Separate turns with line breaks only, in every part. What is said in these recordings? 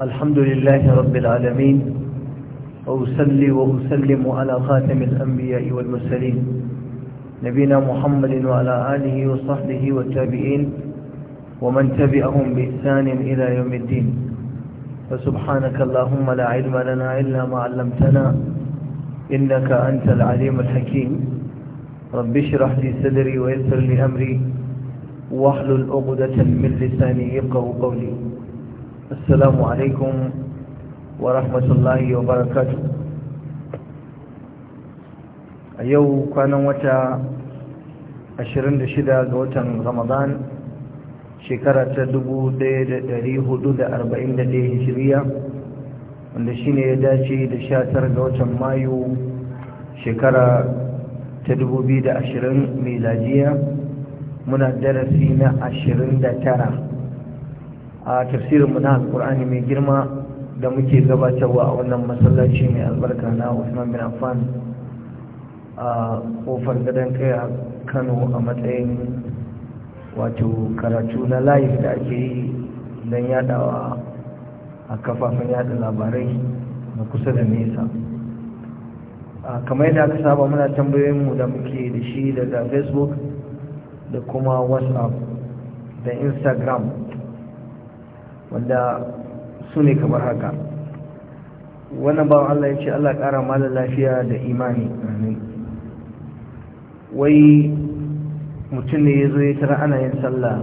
الحمد لله رب العالمين وأسلي وأسلم على خاتم الأنبياء والمرسلين نبينا محمد وعلى آله وصحبه والتابعين ومن تبعهم بإحسان إلى يوم الدين فسبحانك اللهم لا علم لنا إلا ما علمتنا إنك أنت العليم الحكيم رب اشرح لي صدري ويسر لي أمري واحلل عقدة من لساني يفقه قولي Assalamu alaikum wa rahmatullahi wa barakatu a yau kwanan wata 26 ga watan Ramadan shekara ta dubu daya da dari hudu da arba'in da daya hijiriya wanda shi ne ya dace da shatar tara ga watan mayu shekara ta dubu biyu da ashirin mai lajiya muna darasi na ashirin da tara a tafsirin mu na alkur'ani mai girma da muke gabatarwa a wannan masallaci mai albarka na usman bin affan a kofar gadon kai a kano a matsayin wato karatu na live da ake yi don yadawa a kafafen yada labarai na kusa da nesa kamar yadda aka saba muna tambayoyin mu da muke da shi daga facebook da kuma whatsapp da instagram wanda su ne kamar haka wannan ba Allah ya ce Allah ƙara malar lafiya da imani wai mutum ne ya zo ya tara ana yin sallah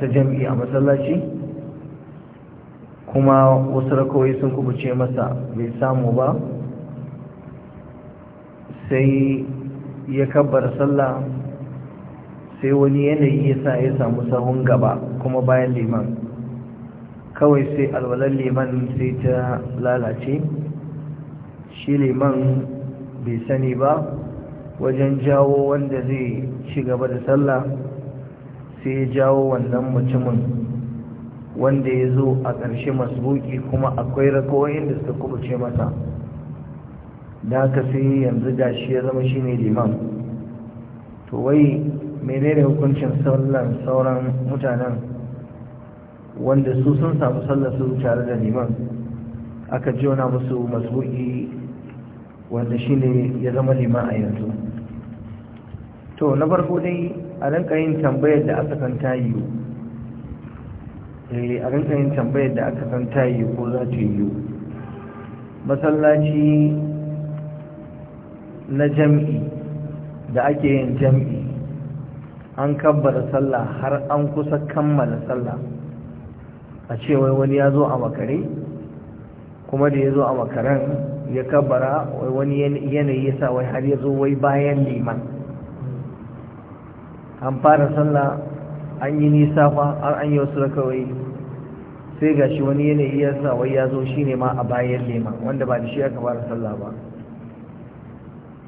ta jam'i a masallaci kuma wasu rakawai sun kubuce masa bai samu ba sai ya kabbar sallah sai wani yanayi ya sa ya samu sahun gaba kuma bayan liman kawai sai alwalar liman sai ta lalace shi liman bai sani ba wajen jawo wanda zai ci gaba da sallah sai jawo wannan mutumin wanda ya zo a ƙarshe masbuki kuma akwai rakoyin da suka kubuce masa da aka sai yanzu da shi ya zama shi ne liman to wai menene hukuncin sallan sauran mutanen wanda su sun samu sallar su tare da liman aka jona musu masbuki wanda shine ya zama liman a yanzu to na farko dai a rinka yin tambayar da aka san ta eh a rinka yin tambayar da aka san ta ko za ta yi. masallaci na jam'i da ake yin jam'i an kabbara sallah har an kusa kammala sallah a cewa wani ya zo a makare kuma da ya zo a makaren ya kabara wani yanayi ya sa wai har ya zo wai bayan liman an fara sallah an yi nisa fa an an yi wasu rakawai sai ga shi wani yanayi ya sa wai ya zo shi ne ma a bayan liman wanda ba da shi aka fara sallah ba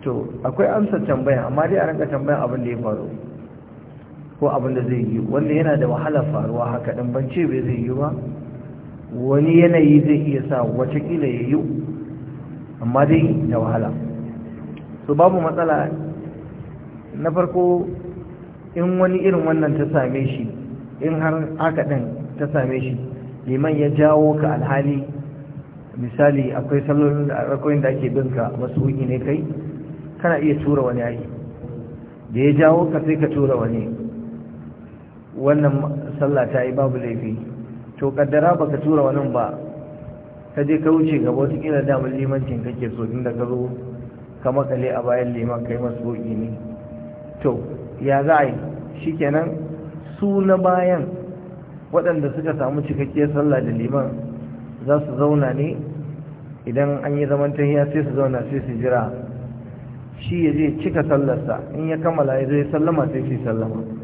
to akwai amsa tambaya amma dai a ranka tambaya abin da ya faru ko abin da zai yi wanda yana da wahala faruwa haka ɗan ban ce bai zai yi ba wani yanayi zai iya sa watakila ya yi amma dai da wahala su babu matsala na farko in wani irin wannan ta same shi in har haka ɗan ta same shi liman ya jawo ka alhali misali akwai salon da rakoyin da ake binka ka wuki ne kai kana iya tura wani ayi da ya jawo ka sai ka tura wani wannan sallah ta yi babu laifi to kaddara baka tura wannan ba ka je ka wuce gaba wata kila damar limancin kake so tun da ka zo ka makale a bayan liman kai boki ne to ya za a yi kenan su na bayan waɗanda suka samu cikakkiyar sallah da liman za su zauna ne idan an yi zaman tahiya sai su zauna sai su jira shi ya je cika sallarsa in ya kammala ya zai sallama sai su sallama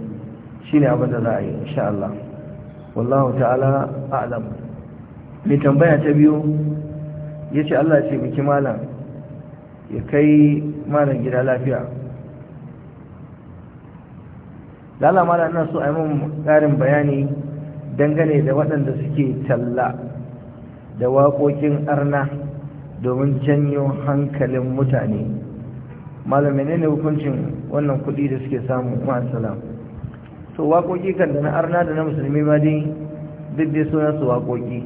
shine abin da za a yi insha Allah wallahu ta'ala a'lam mai tambaya ta biyu Ya ce Allah ya ce miki malam ya kai malam gida lafiya lalla malam ina so a yi mun ƙarin bayani dangane da waɗanda suke talla da waƙoƙin arna domin janyo hankalin mutane malamai ne hukuncin wannan kuɗi da suke samu ma'asalam Su waƙoƙi kan da na arna da na musulmi ma dai duk dai sunan su waƙoƙi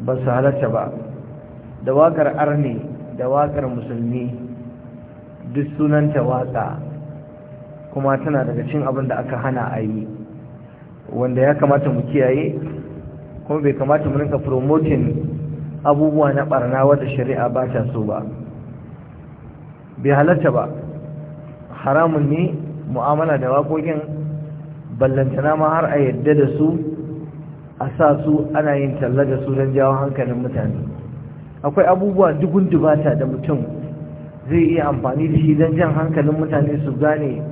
ba su halatta ba da waƙar arne da waƙar musulmi duk sunanta waƙa kuma tana daga cin abin da aka hana a yi wanda ya kamata mu kiyaye kuma bai kamata mu rinka promoting abubuwa na barna wadda shari'a ba ta so ba bai halatta ba haramun ne mu'amala da waƙoƙin ballantana ma har a yadda da su a sa su ana yin talla da su don jawo hankalin mutane akwai abubuwa dubun dubata da mutum zai iya amfani da shi don jan hankalin mutane su gane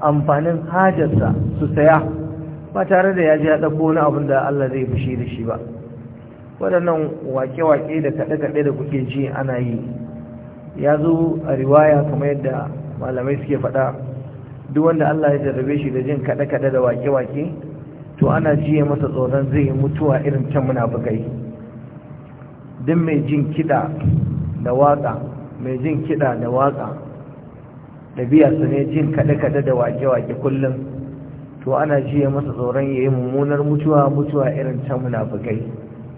amfanin hajarsa su saya ba tare da ya ji ya ko wani abin da Allah zai fushi da shi ba waɗannan wake-wake da kaɗe-kaɗe da kuke ji ana yi ya zo a riwaya kamar yadda malamai suke faɗa duk wanda Allah ya jarrabe shi da jin kaɗe-kaɗe da wake-wake to ana jiye masa tsoron zai mutuwa irin can bugai. duk mai jin kiɗa da waƙa mai jin kiɗa da da biya su ne jin kaɗe-kaɗe da wake-wake kullum to ana jiye masa tsoron ya yi mummunar mutuwa mutuwa irin can bugai.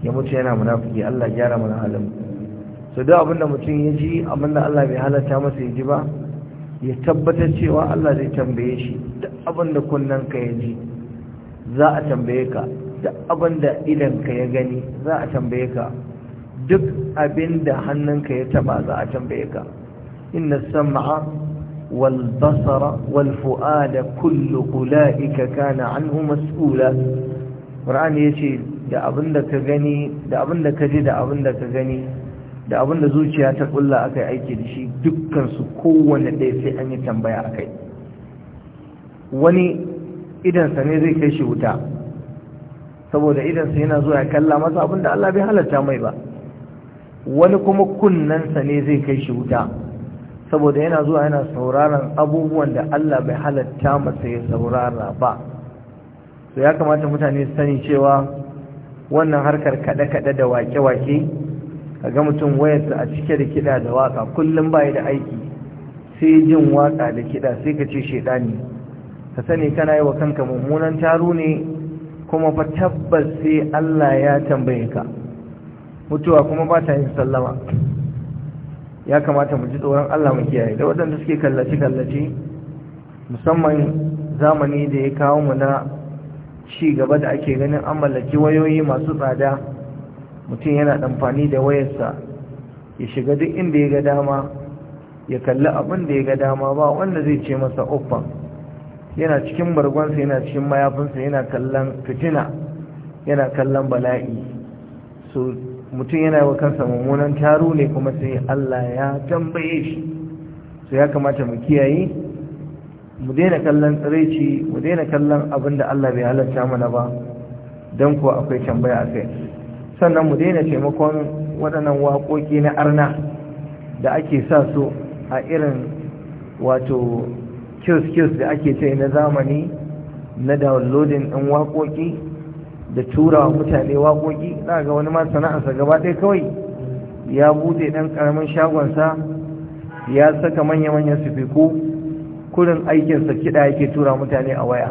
ya mutu yana munafuki Allah gyara mana halin Su duk abinda mutum ya ji abinda Allah bai halatta masa ya ji ba ya tabbatar cewa Allah zai tambaye shi duk abin da ka ya ji za a tambaye ka da idan ka ya gani za a tambaye ka duk abinda hannunka ya taba za a tambaye ka inna sam'a wal basara wal fu'ada kullu ulaika kana anhu mas'ula qur'ani yace da abin ka gani da abinda ka ji da abinda ka gani da abin zuciya ta kulla aka yi aiki da shi dukkansu kowane ɗaya sai an yi tambaya a kai wani idansa ne zai kai shi wuta saboda idansa yana zuwa ya kalla masa abin da Allah bai halatta mai ba wani kuma kunnensa ne zai kai shi wuta saboda yana zuwa yana sauraron abubuwan da Allah bai halarta masa ya saurara ba so ya kamata mutane sani cewa wannan harkar kaɗe-kaɗe da wake-wake ga mutum wayarsa a cike da kiɗa da waka kullum bai da aiki sai jin waka da kiɗa sai ka ce ne ka sani kana yi wa kanka mummunan taru ne kuma fa tabbas sai Allah ya tambaye ka mutuwa kuma ba ta yin sallama ya kamata mu ji tsoron Allah mu kiyaye da waɗanda suke kallace kallace musamman zamani da ya kawo mu na ci gaba da ake ganin an mallaki wayoyi masu tsada mutum yana amfani da wayarsa ya shiga duk inda ya ga dama ya kalli abin da ya ga dama ba wanda zai ce masa uffan yana cikin bargonsa yana cikin mayafinsa yana kallon fitina yana kallon bala'i so mutum yana wa kansa mummunan taro ne kuma sai Allah ya tambaye shi so ya kamata mu kiyaye mu daina kallon tsiraici mu daina kallon abin da Allah bai halarta mana ba don kuwa akwai tambaya a kai sannan mu daina taimakon waɗannan waƙoƙi na arna da ake sa su a irin wato kios da ake ce na zamani na downloading ɗin waƙoƙi da tura mutane waƙoƙi za ga wani ma sana'arsa gaba ɗaya kawai ya buɗe ɗan ƙaramin shagonsa ya saka manya-manyan sufiku kurin aikinsa kiɗa yake tura mutane a waya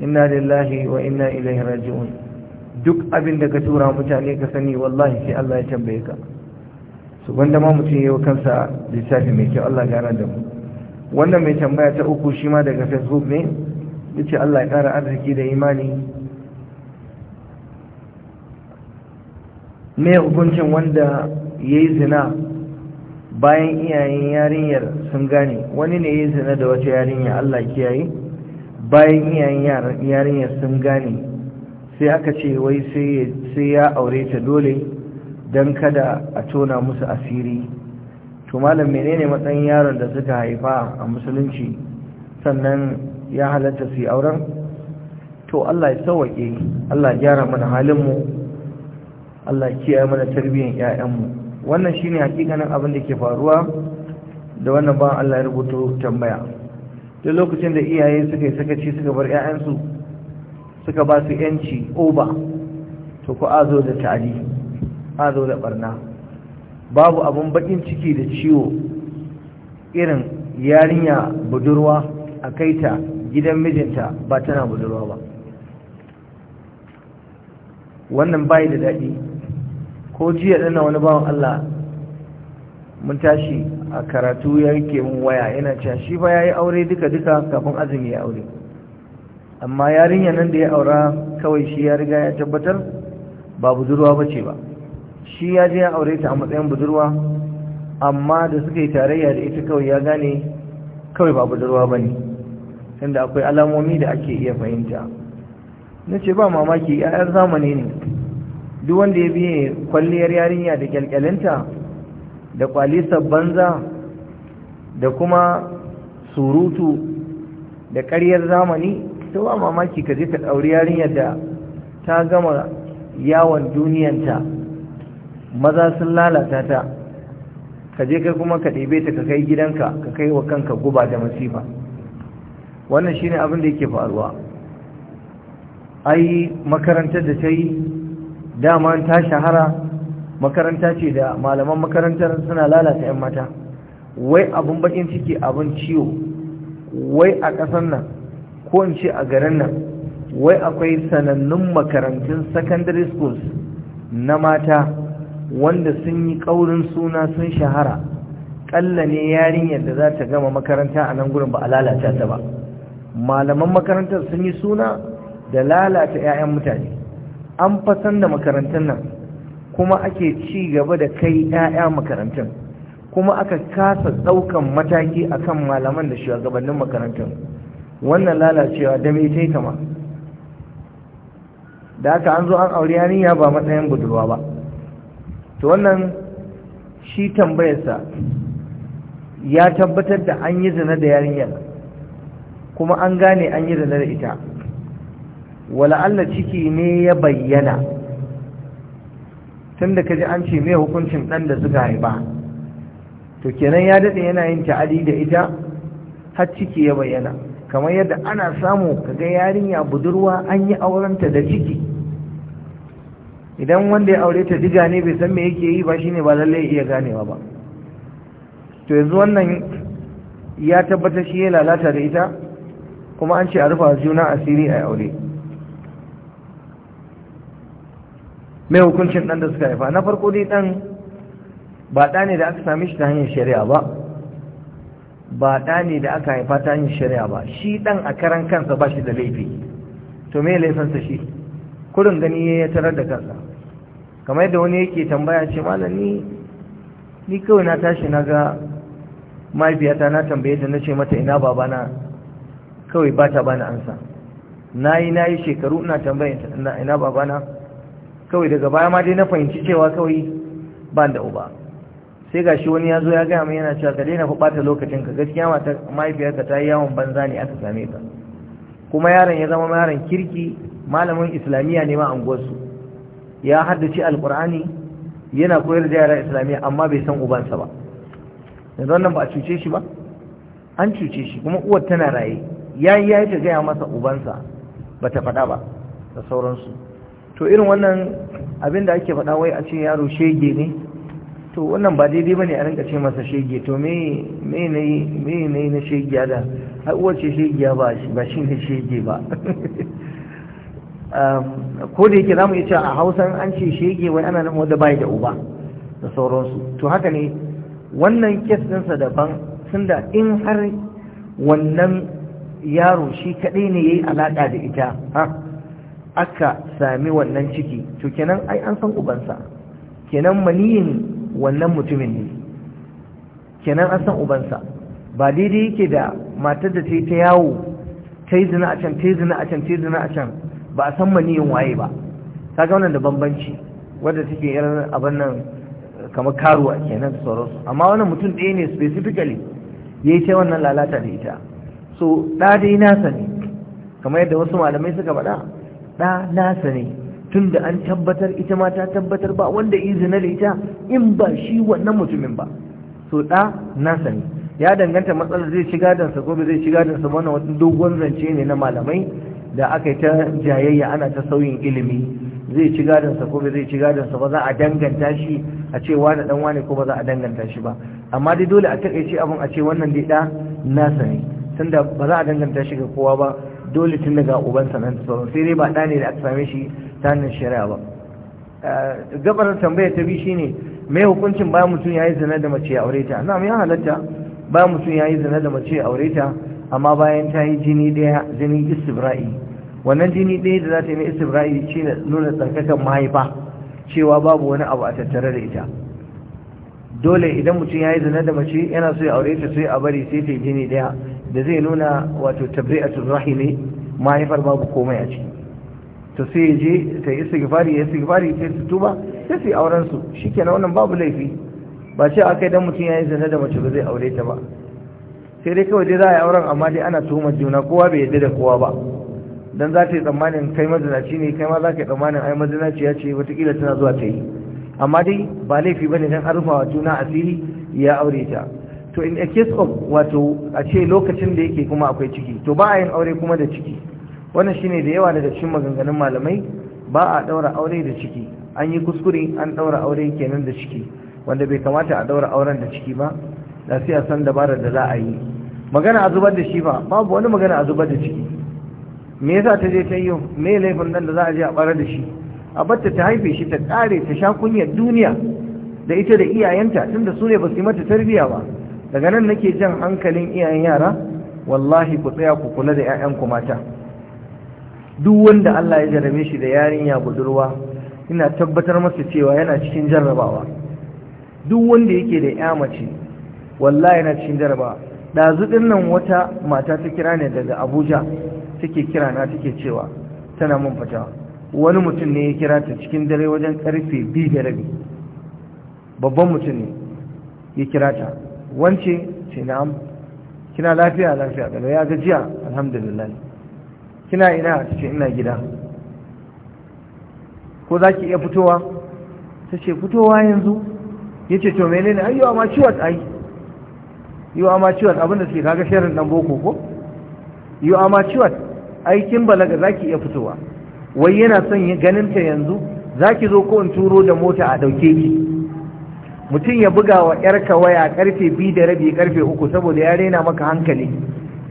inna lillahi wa inna ilaihi raji'un duk abin da ka tura mutane ka sani wallahi sai Allah ya tambaye ka su wanda ma mutum ya yi kansa lissafi mai kyau Allah gara da mu wannan mai tambaya ta uku shi ma daga facebook ne ya ce Allah ya ƙara arziki da imani mai hukuncin wanda ya yi zina bayan iyayen yarinyar sun gane wani ne ya yi zina da wata yarinya Allah kiyaye bayan iyayen yarinyar sun gane sai aka ce wai sai ya aure ta dole don kada a tona musu asiri to malam menene matsayin yaron da suka haifa a musulunci sannan ya halatta su yi auren to Allah ya sauwaƙe Allah gyara mana halinmu Allah kiyaye mana tarbiyyar ƴaƴanmu wannan shine hakikanin abin da ke faruwa da wannan ba Allah ya rubuto tambaya duk lokacin da iyaye suka yi sakaci suka bar 'ya'yansu suka ba su yanci oba to ku azo da tali azo da barna babu abun bakin ciki da ciwo irin yarinya budurwa a kaita gidan mijinta ba tana budurwa ba wannan bai da daɗi ko jiya ɗana wani bawan Allah mun tashi a karatu ya yake mun waya yana cewa shi ba ya yi aure duka-duka kafin azumi ya aure amma yarinya nan da ya aura kawai shi ya riga ya tabbatar ba budurwa ba ce ba shi ya je ya aure ta a matsayin budurwa amma da suka yi tarayya da ita kawai ya gane kawai ba budurwa ba ne inda akwai alamomi da ake iya fahimta na ce ba mamaki yayar zamani ne duk wanda ya biye kwalliyar yarinya da kyalkyalinta da kwalisa banza da kuma surutu da ƙaryar zamani ta ba mamaki ka je ka ɗauri yarinyar da ta gama yawon duniyanta maza sun lalata ta ka je kai kuma ka ɗebe ta ka kai gidanka ka kai wa kanka guba da masifa wannan shine abin da yake faruwa ai makarantar da ta yi dama ta shahara makaranta ce da malaman makarantar suna lalata 'yan mata wai abin bakin ciki abin ciwo wai a ƙasar nan ko in ce a garin nan wai akwai sanannun makarantun secondary schools na mata wanda sun yi ƙaurin suna sun shahara ƙalla ne yarinyar da za ta gama makaranta a nan gurin ba a lalata ta ba malaman makarantar sun yi suna da lalata 'ya'yan mutane an fasan da makarantar nan kuma ake ci gaba da kai 'ya'ya makarantun kuma aka kasa ɗaukan mataki akan malaman da shugabannin makarantun wannan lalacewa da mai tai kama da aka an zo an aure yarinya ba matsayin budurwa ba to wannan shi tambayarsa ya tabbatar da an yi zina da yarinyar kuma an gane an yi zina da ita wala'alla ciki ne ya bayyana tun da kaji an ce mai hukuncin ɗan da suka haifa to kenan ya daɗe yana yin ta'adi da ita har ciki ya bayyana kamar yadda ana samu kaga yarinya budurwa an yi aurenta da ciki idan wanda ya aure ta diga ne bai san me yake yi ba shine ba lalle iya ganewa ba to yanzu wannan ya tabbatar shi ya lalata da ita kuma an ce a rufa juna asiri a aure mai hukuncin dan da suka haifa na farko dai dan ba da ne da aka same shi ta hanyar shari'a ba ba ɗa ne da aka haifa ta hanyar shari'a ba shi ɗan a karan kansa ba shi da laifi to me laifinsa shi kurin gani ya tarar da kansa kamar yadda wani yake tambaya ce malami ni kawai na tashi na ga mahaifiyata na tambaye ta na ce mata ina babana kawai ba ta bani ansa na yi na yi shekaru ina tambaye ina babana kawai daga baya ma dai na fahimci cewa kawai ban da uba sai gashi wani ya zo ya gaya mai yana cewa ka daina kuɓata lokacin ka, gaskiya mata mahaifiyarka ta yi yawon banza ne aka same ka kuma yaron ya zama yaron kirki malamin islamiyya ne ma anguwarsu ya haddace alkur'ani yana koyar da yara islamiyya amma bai san ubansa ba yanzu wannan ba a cuce shi ba an cuce shi kuma uwar tana raye ya yi ya ta gaya masa ubansa ba ta faɗa ba da sauransu to irin wannan abin da ake faɗa wai a ce yaro shege ne to wannan ba daidai bane a rinka ce masa shege to me me ne na shegiya da ai ce shege ba ba shi ne shege ba um, ko da yake zamu yi cewa a hausan an ce shege wai ana nan wanda bai da uba da sauransu to haka ne wannan kes ɗinsa daban sun da in har wannan yaro shi kaɗai ne ya yi alaƙa da ita aka sami wannan ciki to kenan ai an san ubansa kenan maniyin wannan mutumin ne kenan an san ubansa ba daidai yake da matar da ta yi ta yawo ta yi zina a can ta yi zina a can ta yi zina a can ba a san maniyin waye ba ta ga wannan da bambanci wadda take irin abin nan kamar karuwa kenan da sauransu amma wannan mutum ɗaya ne specifically ya yi ta wannan lalata da ita so ɗa dai nasa ne kamar yadda wasu malamai suka faɗa ɗa nasa ne tun da an tabbatar ita ma ta tabbatar ba wanda izina da ita in ba shi wannan mutumin ba so ɗa na sani. ya danganta matsalar zai shiga dansa gobe zai shiga dansa wannan wani dogon zance ne na malamai da aka yi ta jayayya ana ta sauyin ilimi zai ci sa ko bai zai ci sa ba za a danganta shi a ce wani dan wani ko ba za a danganta shi ba amma dai dole a takaice abin a ce wannan dai da na sani. tunda ba za a danganta shi ga kowa ba dole tun daga ubansa nan sai dai ba da ne da aka same shi ta hannun shari'a ba eh, gabar tambaya ta bi shine mai hukuncin bayan mutum ya yi zina da mace a na ya halatta bayan mutum ya yi zina da mace a amma bayan ta yi jini daya jini istibra'i wannan jini daya da za ta yi na istibra'i shi ne nuna tsarkakan mahaifa cewa babu wani abu a tattare da ita dole idan mutum ya yi zina da mace yana so ya aure ta sai a bari sai ta yi jini daya da zai nuna wato tabri'atul rahimi mahaifar babu komai a ciki to sai ya je ta yi sigifari ya sigifari sai su tuba sai su yi auren su na wannan babu laifi ba ce aka idan mutum ya yi zane da mace ba zai aure ta ba sai dai kawai dai za a yi auren amma dai ana tuhumar juna kowa bai yadda da kowa ba dan za ta yi tsammanin kai mazinaci ne kai ma za ka yi tsammanin ai mazinaci ya ce watakila tana zuwa ta yi amma dai ba laifi ba ne don an rufa wa juna asiri ya aure ta to in a case of wato a ce lokacin da yake kuma akwai ciki to ba a yin aure kuma da ciki wannan shine da yawa daga cikin maganganun malamai ba a daura aure da ciki an yi kuskure an daura aure kenan da ciki wanda bai kamata a daura auren da ciki ba da sai a san dabarar da za a yi magana a zubar da shi ba babu wani magana a zubar da ciki me yasa ta je ta yi me laifin nan da za a je a barar da shi a batta ta haife shi ta kare ta sha kunyar duniya da ita da iyayenta tunda su ne ba su yi mata tarbiyya ba daga nan nake jan hankalin iyayen yara wallahi ku tsaya ku kula da 'ya'yanku mata duk wanda Allah ya jarabe shi da yarinya budurwa ina tabbatar masa cewa yana cikin jarrabawa duk wanda yake da ya mace wallahi yana cikin jarrabawa dazu din nan wata mata ta kira ne daga Abuja take kira na take cewa tana mun fatawa wani mutum ne ya kira ta cikin dare wajen karfe 2 da rabi babban mutum ne ya kira ta wance ce na'am kina lafiya lafiya ya gajiya alhamdulillah kina ina a ce ina gida ko za ki iya fitowa ta ce fitowa yanzu ya ce to mene ne ayyawa ma ciwon ayi. yiwa ma ciwon abinda suke kaga shirin dan boko ko yiwa ma ciwon aikin balaga za ki iya fitowa wai yana son ganin ta yanzu za ki zo ko in turo da mota a ɗauke ki mutum ya buga wa 'yarka waya karfe biyu da rabi karfe uku saboda ya rena maka hankali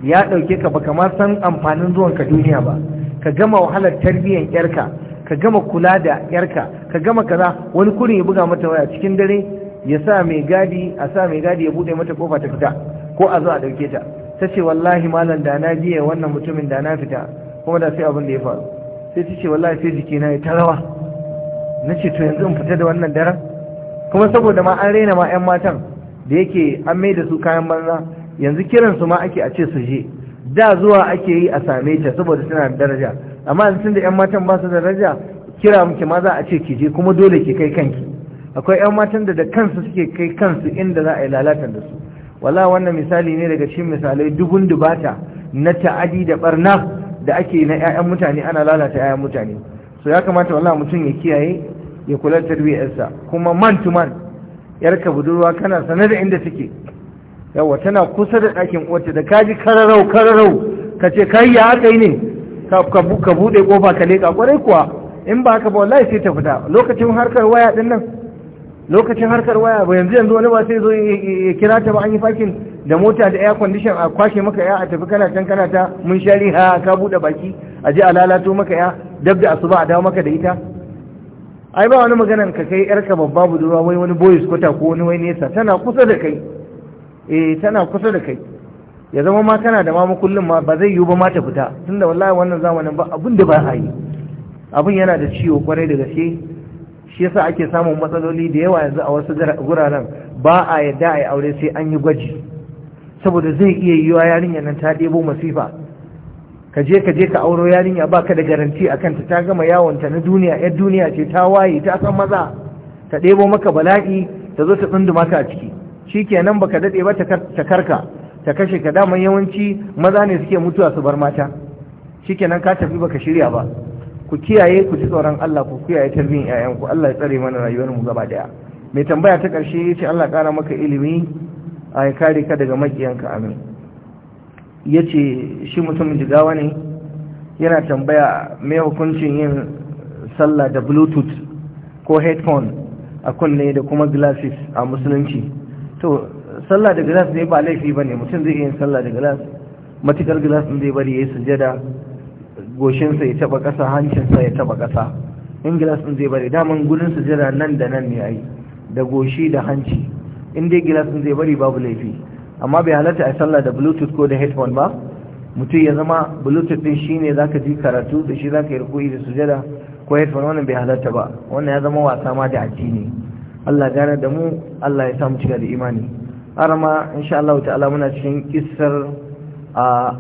ya ɗauke ka ba ma san amfanin zuwan ka duniya ba ka gama wahalar tarbiyyar yarka ka gama kula da yarka ka gama kaza wani kurin ya buga mata waya cikin dare ya sa mai gadi a sa mai gadi ya bude mata kofa ta fita ko a zo a ɗauke ta ta ce wallahi malam da na biye wannan mutumin da na fita kuma da sai abin da ya faru sai ta ce wallahi sai jikina ya tarawa na ce to yanzu in fita da wannan daren kuma saboda ma an raina ma 'yan matan da yake an mai da su kayan banza yanzu kiransu ma ake a ce su je da zuwa ake yi a same ta saboda suna da daraja amma yanzu tun da 'yan matan ba su da daraja kira muke ma za a ce ki je kuma dole ki kai kanki akwai 'yan matan da da kansu suke kai kansu inda za a yi lalatan da su wala wannan misali ne daga cikin misalai dubun dubata na ta'adi da barna da ake na 'ya'yan mutane ana lalata 'ya'yan mutane so ya kamata wala mutum ya kiyaye ya kula da tarbiyyarsa kuma man to man yarka budurwa kana sanar da inda take yawa tana kusa da ɗakin wacce da kaji kararau kararau ka ce kai ya aka yi ne ka buɗe ƙofa ka leƙa ƙwarai kuwa in ba haka ba wallahi sai ta fita lokacin harkar waya ɗin nan lokacin harkar waya ba yanzu yanzu wani ba sai zo ya kira ta ba an yi fakin da mota da air condition a kwashe maka ya a tafi kana can kana ta mun shari ha ka buɗe baki a je a lalato maka ya dab da asuba a dawo maka da ita ai ba wani maganan ka kai yarka babba budurwa wai wani boys kwata ko wani wai nesa tana kusa da kai eh tana kusa da kai ya zama ma kana da mamu kullum ma ba zai yiwu ba ma ta fita tunda wallahi wannan zamanin ba abin da ba a yi abin yana da ciwo kwarai da gaske shi yasa ake samun matsaloli da yawa yanzu a wasu guraren ba a yadda a yi aure sai an yi gwaji saboda zai iya wa yarinya nan ta ɗebo masifa ka je ka je ka auro yarinya ba ka da garanti a kanta ta gama yawon ta na duniya yar duniya ce ta waye ta san maza ta ɗebo maka bala'i ta zo ta tsunduma maka a ciki shi kenan baka daɗe ba ta karka ta kashe ka daman yawanci maza ne suke mutuwa su bar mata shi kenan ka tafi baka shirya ba ku kiyaye ku ji tsoron Allah ku kiyaye tarbiyyar ku. Allah ya tsare mana rayuwar mu gaba daya mai tambaya ta ƙarshe yace Allah ƙara maka ilimi a ya kare ka daga makiyanka amin yace shi mutumin jigawa ne yana tambaya me hukuncin yin sallah da bluetooth ko headphone a kunne da kuma glasses a musulunci to sallah da glass ne ba laifi ba ne mutum zai yin sallah da glass matikar glass ɗin zai bari ya yi sujada goshinsa ya taba ƙasa hancinsa ya taba ƙasa in glass ɗin zai bari daman gurin sujada nan da nan ne ai da goshi da hanci in dai glass ɗin zai bari babu laifi amma bai halatta a sallah da bluetooth ko da headphone ba mutum ya zama bluetooth din shine zaka ji karatu da shi zaka yi rukuyi da sujada ko headphone wannan bai halatta ba wannan ya zama wasa ma da addini Allah gane da mu Allah ya samu cika da imani ma insha Allah ta'ala muna cikin kissar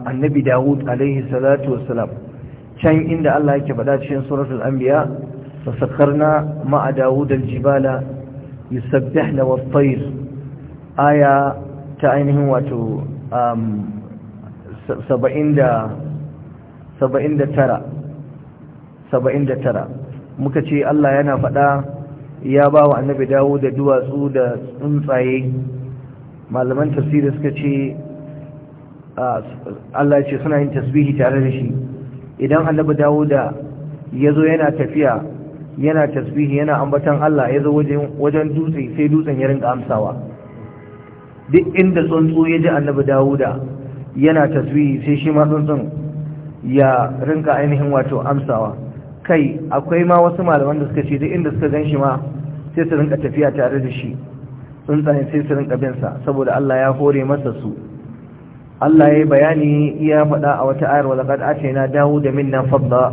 annabi Dawud alaihi salatu wassalam can inda Allah yake faɗa cikin suratul anbiya fasakharna ma Dawud aljibala yusabbihna wat-tayr aya ta ainihin wato um, 79 muka ce Allah yana faɗa ya ba wa annabi dawo da duwatsu da tsuntsaye malaman tafsiri suka ce Allah ce suna yin tasbihi tare da shi idan annabi dawo da ya zo yana tafiya yana tasbihi yana ambatan Allah yazo zo wajen dutse sai dutsen ya rinka amsawa duk inda tsuntsu ya ji annabi dawo da yana tasbihi sai shi ma tsuntsun ya rinka ainihin wato amsawa kai akwai ma wasu malaman da suka ce duk inda suka gan ma sai su rinka tafiya tare da shi tsuntsaye sai su rinka binsa saboda Allah ya hore masa su Allah ya yi bayani ya faɗa a wata ayar wa dawo da min minna fadla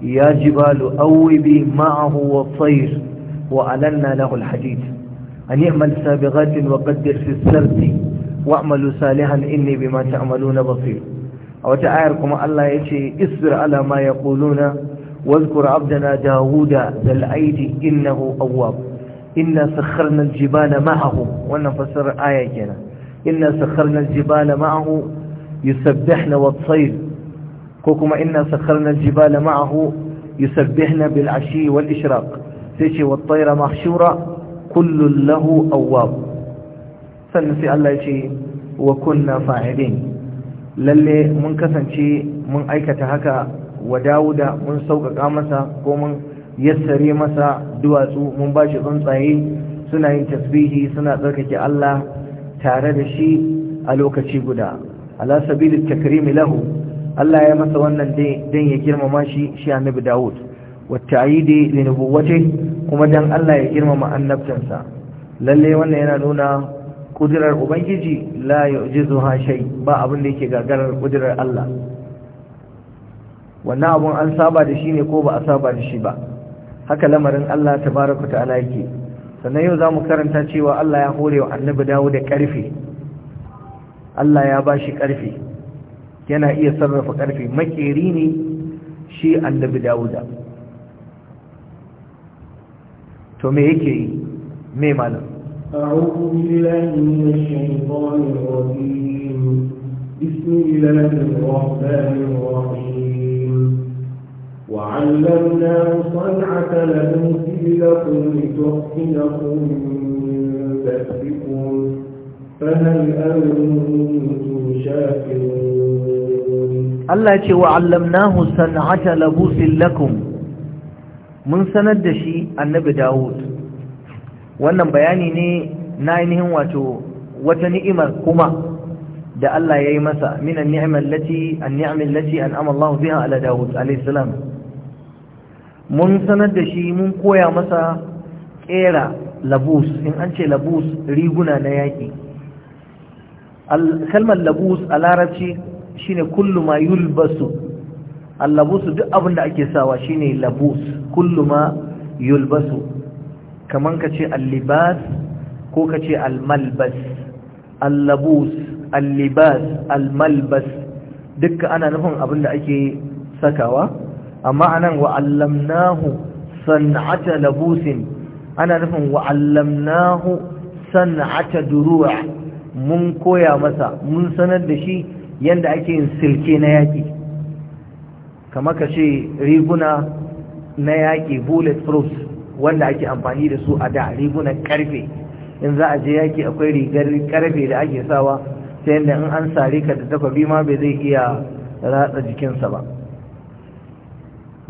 ya jibalu awbi ma'ahu wa tayr wa alanna lahu alhadid an ya'mal sabighatin wa qaddir fi sardi wa'malu salihan inni bima ta'maluna basir a wata ayar kuma Allah ya ce isbir ala ma yaquluna واذكر عبدنا داود ذا الأيد إنه أواب إنا سخرنا الجبال معه ونفسر آية كنا إنا سخرنا الجبال معه يسبحنا والصيد كوكما إنا سخرنا الجبال معه يسبحنا بالعشي والإشراق تشي والطير محشورة كل له أواب سنسي الله شيء وكنا فاعلين للي منكسن شيء من أيكة هكا wa dawuda mun sauƙaƙa masa ko mun yassare masa duwatsu mun ba shi tsuntsaye suna yin tasbihi suna tsarkake Allah tare da shi a lokaci guda ala sabilit takrimi lahu Allah ya masa wannan dan ya girmama shi shi annabi Dawud ta'idi li nubuwwatihi kuma dan Allah ya girmama annabtansa lalle wannan yana nuna kudirar ubangiji la yu'jizuha shay ba abin da yake gagarar kudirar Allah wannan abun an saba da shi ne ko ba a saba da shi ba haka lamarin Allah tabaraka ta'ala yake sannan yau zamu karanta cewa Allah ya hore wa annabi dawo da karfi Allah ya ba shi karfi yana iya sarrafa karfi makeri ne shi annabi Dawuda to me yake yi me malam
أعوذ بالله من الشيطان الرجيم بسم الله الرحمن الرحيم وعلمناه صنعة لبوس لكم لتحسنكم من بأسكم فهل أنتم شاكرون
الله يقول وعلمناه صنعة لبوس لكم من سند شيء النبي داود wannan bayani ne na ainihin wato wata ni'imar kuma da Allah ya yi masa minan ni'imar lati an ni'amin lati an amma Allah biha ala Dawud alayhi salam mun sanar da shi mun koya masa kera labus in an ce labus riguna na yaƙi kalmar labus a larabci shine Yul Basu. yulbasu allabusu duk abin da ake sawa shi ne labus kulluma Yul yulbasu Kamar ka ce allibas ko ka ce almalbas allabus allibas almalbas duka ana nufin abin da ake sakawa amma anan wa allamnahu san'ata labusin ana nufin wa allamnahu san'ata duru'a mun koya masa mun sanar da shi yanda ake yin silke na yaki kama ka ce riguna na yaki bullet wanda ake amfani da su a da rigunan karfe in za a je yaki akwai rigar karfe da ake sawa sai yadda in an sare ka da takwabi ma bai zai iya ratsa jikinsa ba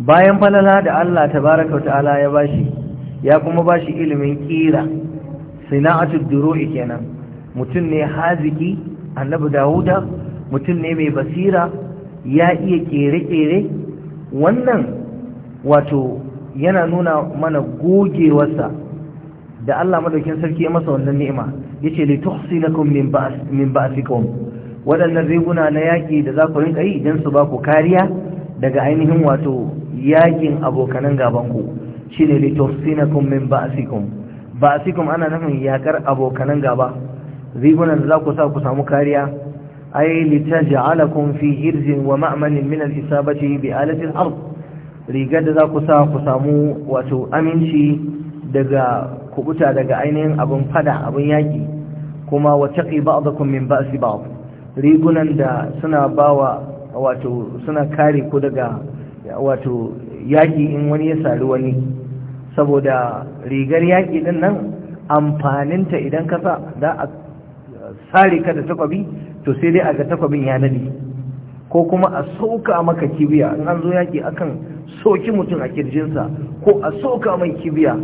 bayan falala da Allah tabaraka wa ta'ala ya bashi ya kuma bashi ilimin kira sina'atu duru'i kenan mutum ne haziki annabi Dawuda mutum ne mai basira ya iya kere-kere wannan wato yana nuna mana gogewarsa da Allah madaukin sarki ya masa wannan ni'ima yace li tuhsilakum min min ba'sikum wadannan riguna na yaki da za ku rinka yi idan su ba ku kariya daga ainihin wato yakin abokanan gabanku shi ne litofsinakum min ba'asikum ba'asikum ana nufin yakar abokanan gaba rigunan da za ku sa ku samu kariya ai litaj'alakum fi hirzin wa ma'malin min al-isabati bi alati al-ard rigar da za ku sa ku samu wato aminci daga kubuta daga ainihin abun fada abun yaki kuma wa taqi ba'dakum min ba'si ba'd rigunan da suna bawa wato suna kare ku daga wato yaƙi in wani ya sari wani saboda rigar yaƙi din nan amfaninta idan ka sa za a sare ka da takwabi to sai dai a ga takwabin ya nadi ko kuma a sauka maka kibiya in an zo yaƙi akan soki mutum a kirjinsa ko a sauka mai kibiya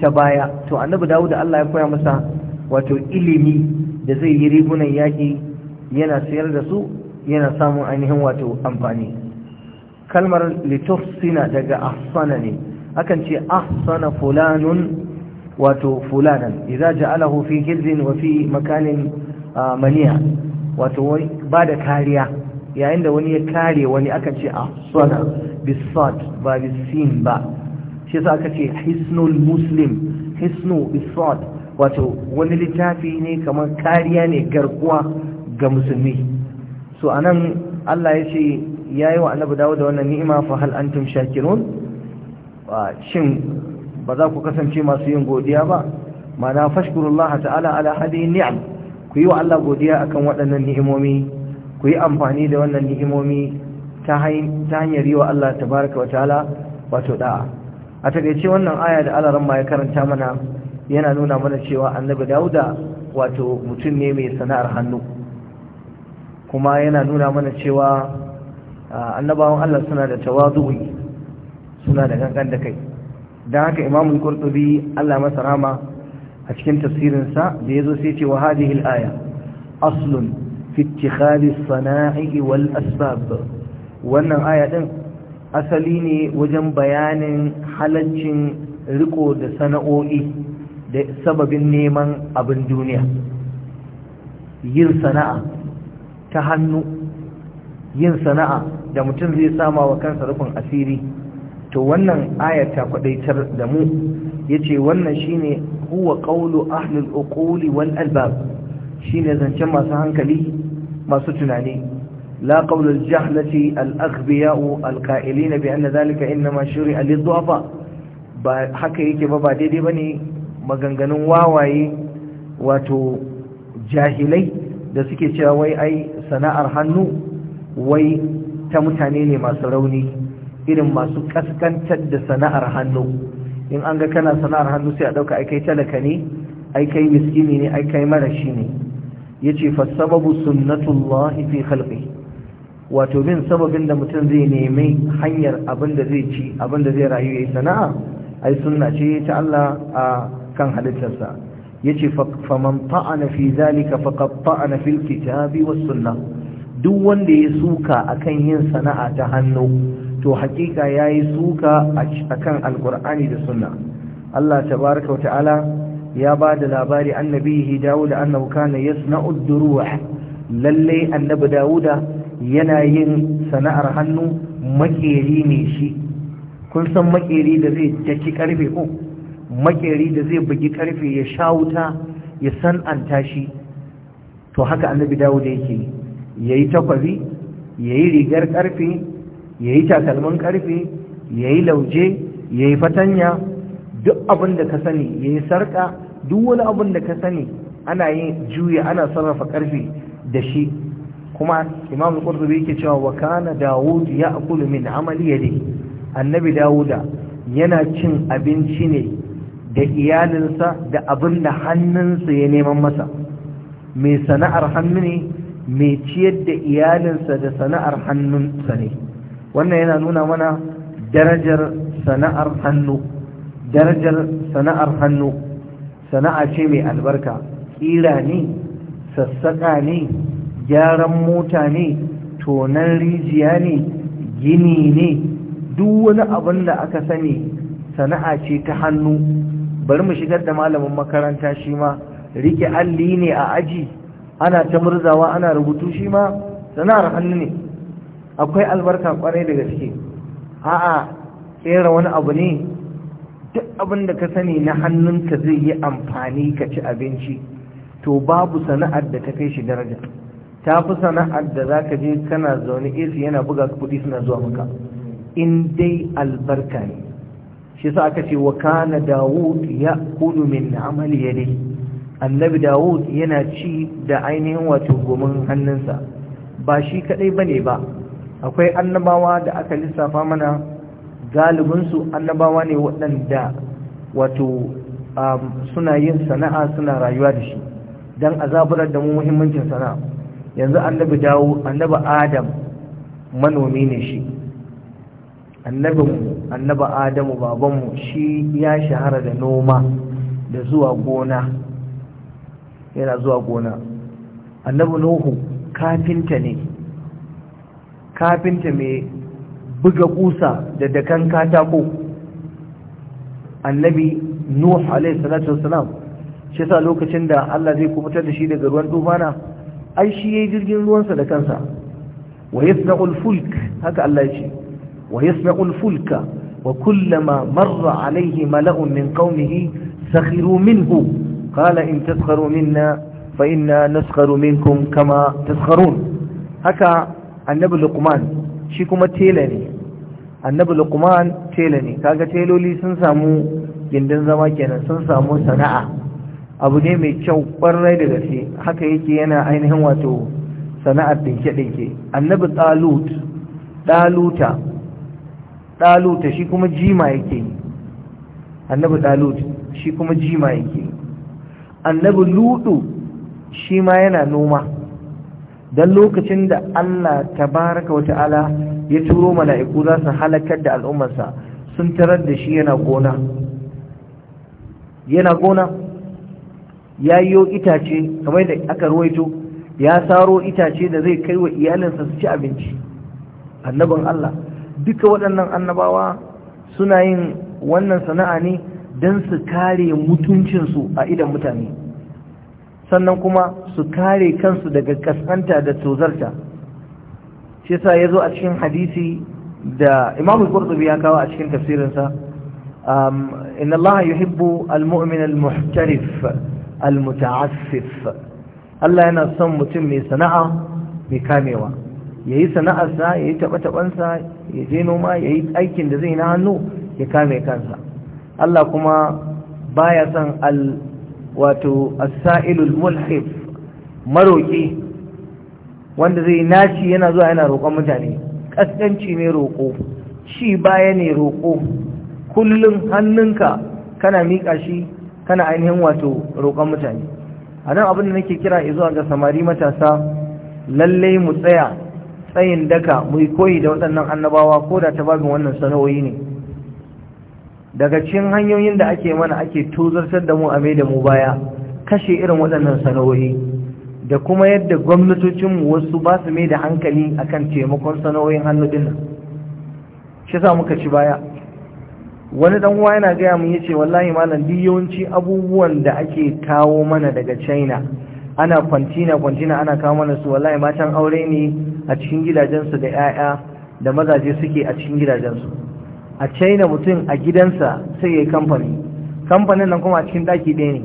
ta baya to annabi dawo da Allah ya koya masa wato ilimi da zai yi rigunan yaƙi yana sayar da su yana samun ainihin wato amfani kalmar litufsina daga ahsana ne akan ce ahsana fulanun wato fulanan idza ja'alahu fi hirzin wa fi makanin maniya wato ba da kariya yayin da wani ya kare wani akan ce ahsana bisad ba bisin ba shi yasa aka ce hisnul muslim hisnu bisad wato wani littafi ne kamar kariya ne garkuwa ga musulmi to anan Allah ya ce ya yi wa annabi dawo da wannan ni'ima fa hal antum shakirun shin ba za ku kasance masu yin godiya ba mana fashkurullah ta'ala ala hadihi ni'am ku yi wa Allah godiya akan waɗannan ni'imomi ku yi amfani da wannan ni'imomi ta hanyar yi wa Allah tabaraka wa ta'ala wato da'a a takaice wannan aya da Allah ma ya karanta mana yana nuna mana cewa annabi dauda wato mutum ne mai sana'ar hannu kuma yana nuna mana cewa annabawan Allah suna da tawazu'i suna da gangan da kai dan haka Imam Qurtubi Allah masa rahama a cikin tafsirin sa da zo sai ce wa hadhihi aya aslun fi ittikhadi sanai wal asbab wannan aya din asali ne wajen bayanin halaccin riko da sana'o'i da sababin neman abin duniya yin sana'a ta hannu yin sana'a da mutum zai sama wa kansa rufin asiri to wannan ta kwadaitar da mu yace wannan shine huwa qawlu ahli al-uquli wal albab shine zancen masu hankali masu tunani la qawlu al-jahlati al-aghbiya'u al-qa'ilina bi anna dhalika inma shuri'a lid ba haka yake ba ba daidai bane maganganun wawaye wato jahilai da suke cewa wai ai sana'ar hannu wai ta mutane ne masu rauni irin masu kaskantar da sana'ar hannu in an ga kana sana'ar hannu sai a ɗauka aikai talaka ne aikai miskini ne aikai shi ne ya ce fassababu sunnatullahi fi khalqi wato bin sababin da mutum zai nemi hanyar abin da zai ci abin da zai rayu ya yi sana'a ai sunna ce ta Allah a kan halittarsa yace faman ta'ana fi zalika faqad ta'ana fil kitabi was sunnah duk wanda ya suka akan yin sana'a ta hannu to hakika yayi suka akan alqur'ani da sunna Allah tabaaraka wa ta'ala ya ba da labari annabihi Dawud annahu kana yasna'u ad-duruh lalle annabi Dawuda yana yin sana'ar hannu makeri ne shi kun san makeri da zai jaki karfe ko makeri da zai bugi karfe ya sha wuta ya san an tashi, to haka annabi dawud yake yayi takwabi yayi rigar karfe yayi takalman karfe yayi lauje yayi fatanya duk abin da ka sani yayi sarka duk wani abin da ka sani ana yin juya ana sarrafa karfe da shi kuma imam al yake cewa wa kana dawud akulu min amali yadi annabi dawuda yana cin abinci ne da iyalinsa da abin da hannunsa ya neman masa mai sana'ar hannu ne mai ciyar da iyalinsa da sana'ar hannunsa ne wannan yana nuna mana darajar sana'ar hannu darajar sana'ar hannu sana'a ce mai albarka ƙira ne sassaƙa ne gyaran mota ne tonan rijiya ne gini ne duk wani abin da aka sani sana'a ce ta hannu bari mu shigar da malamin makaranta shi ma rike alli ne a aji ana ta murzawa ana rubutu shi ma sana'ar hannu ne akwai albarka kwarai da gaske a'a tsera wani abu ne duk abin da ka sani na hannunka zai yi amfani ka ci abinci to babu sana'ar da ta kai shi daraja ta fi sana'ar da za ka je kana zaune esi yana buga kuɗi suna zuwa maka in dai albarka ne shi sa aka ce wa kana dawud ya kudu min amali yadi annabi dawud yana ci da ainihin wato gomin hannunsa ba shi kadai bane ba akwai annabawa da aka lissafa mana galibinsu annabawa ne waɗanda wato um, suna yin sana'a suna rayuwa da shi don azaburar da mu muhimmancin sana'a yanzu annabi dawo annabi adam manomi ne shi annabinmu annaba adamu babanmu shi ya shahara da noma da zuwa gona yana zuwa gona annabi nuhu kafinta ne kafinta mai buga kusa da dakan katako annabi nuhu alaihi salatu wassalam shi sa lokacin da Allah zai kubutar da shi daga ruwan tufana ai shi yayin jirgin ruwansa da kansa wa yasna'ul fulk haka Allah ya ce ويسمع الفلك وكلما مر عليه ملأ من قومه سخروا منه قال إن تسخروا منا فإنا نسخر منكم كما تسخرون هكا النبي لقمان shi kuma tela ne annabi luqman tela ne kaga teloli sun samu gindin zama abu ne mai kyau kwarai da gaske haka yake yana ainihin wato sana'ar dinke dinke annabi talut daluta ɗaluta shi kuma jima yake yi annabi ɗalut shi kuma jima yake yi annabi ludu shi ma yana noma don lokacin da Allah ta wa Wata'ala ya turo mala'iku za su halakar da al'ummarsa sun tarar da shi yana gona yana gona ya yi itace kamar da aka ruwaito ya saro itace da zai kai wa iyalinsa su ci abinci annabin Allah duka waɗannan annabawa suna yin wannan sana'a ne don su kare mutuncinsu a idan mutane sannan kuma su kare kansu daga ƙasƙanta da tozarta shi sa ya zo a cikin hadisi da imamu qurtubi ya kawo a cikin tafsirinsa um, inna allaha al muhtarif Al mutaassif Allah yana son mutum mai sana'a mai kamewa yayi sana'arsa yayi taɓa tabansa ya je noma ya yi aikin da zai na hannu ya kame kansa Allah kuma baya son al wato Asa'ilul sailul mulhif maroki wanda zai naci yana zuwa yana roƙon mutane kaskanci ne roƙo shi baya ne roƙo kullun hannunka kana miƙa shi kana ainihin wato roƙon mutane a nan abin da nake kira zuwa ga samari matasa lallai mu tsaya tsayin daka mu yi koyi da waɗannan annabawa ko da ta babin wannan sanoyi ne daga cikin hanyoyin da ake mana ake tozartar da mu a da mu baya kashe irin waɗannan sanoyi da kuma yadda gwamnatocinmu wasu ba su mai da hankali a kan taimakon sanoyin hannu dinnan. shi sa muka ci baya wani ɗan uwa yana gaya mun yace wallahi malam duk yawanci abubuwan da ake kawo mana daga China ana kwantina kwantina ana kawo mana su wallahi matan aure ne a cikin gidajensu da 'ya'ya da mazaje suke a cikin gidajensu a china mutum a gidansa sai ya yi kamfani kamfanin nan kuma a cikin daki ɗaya ne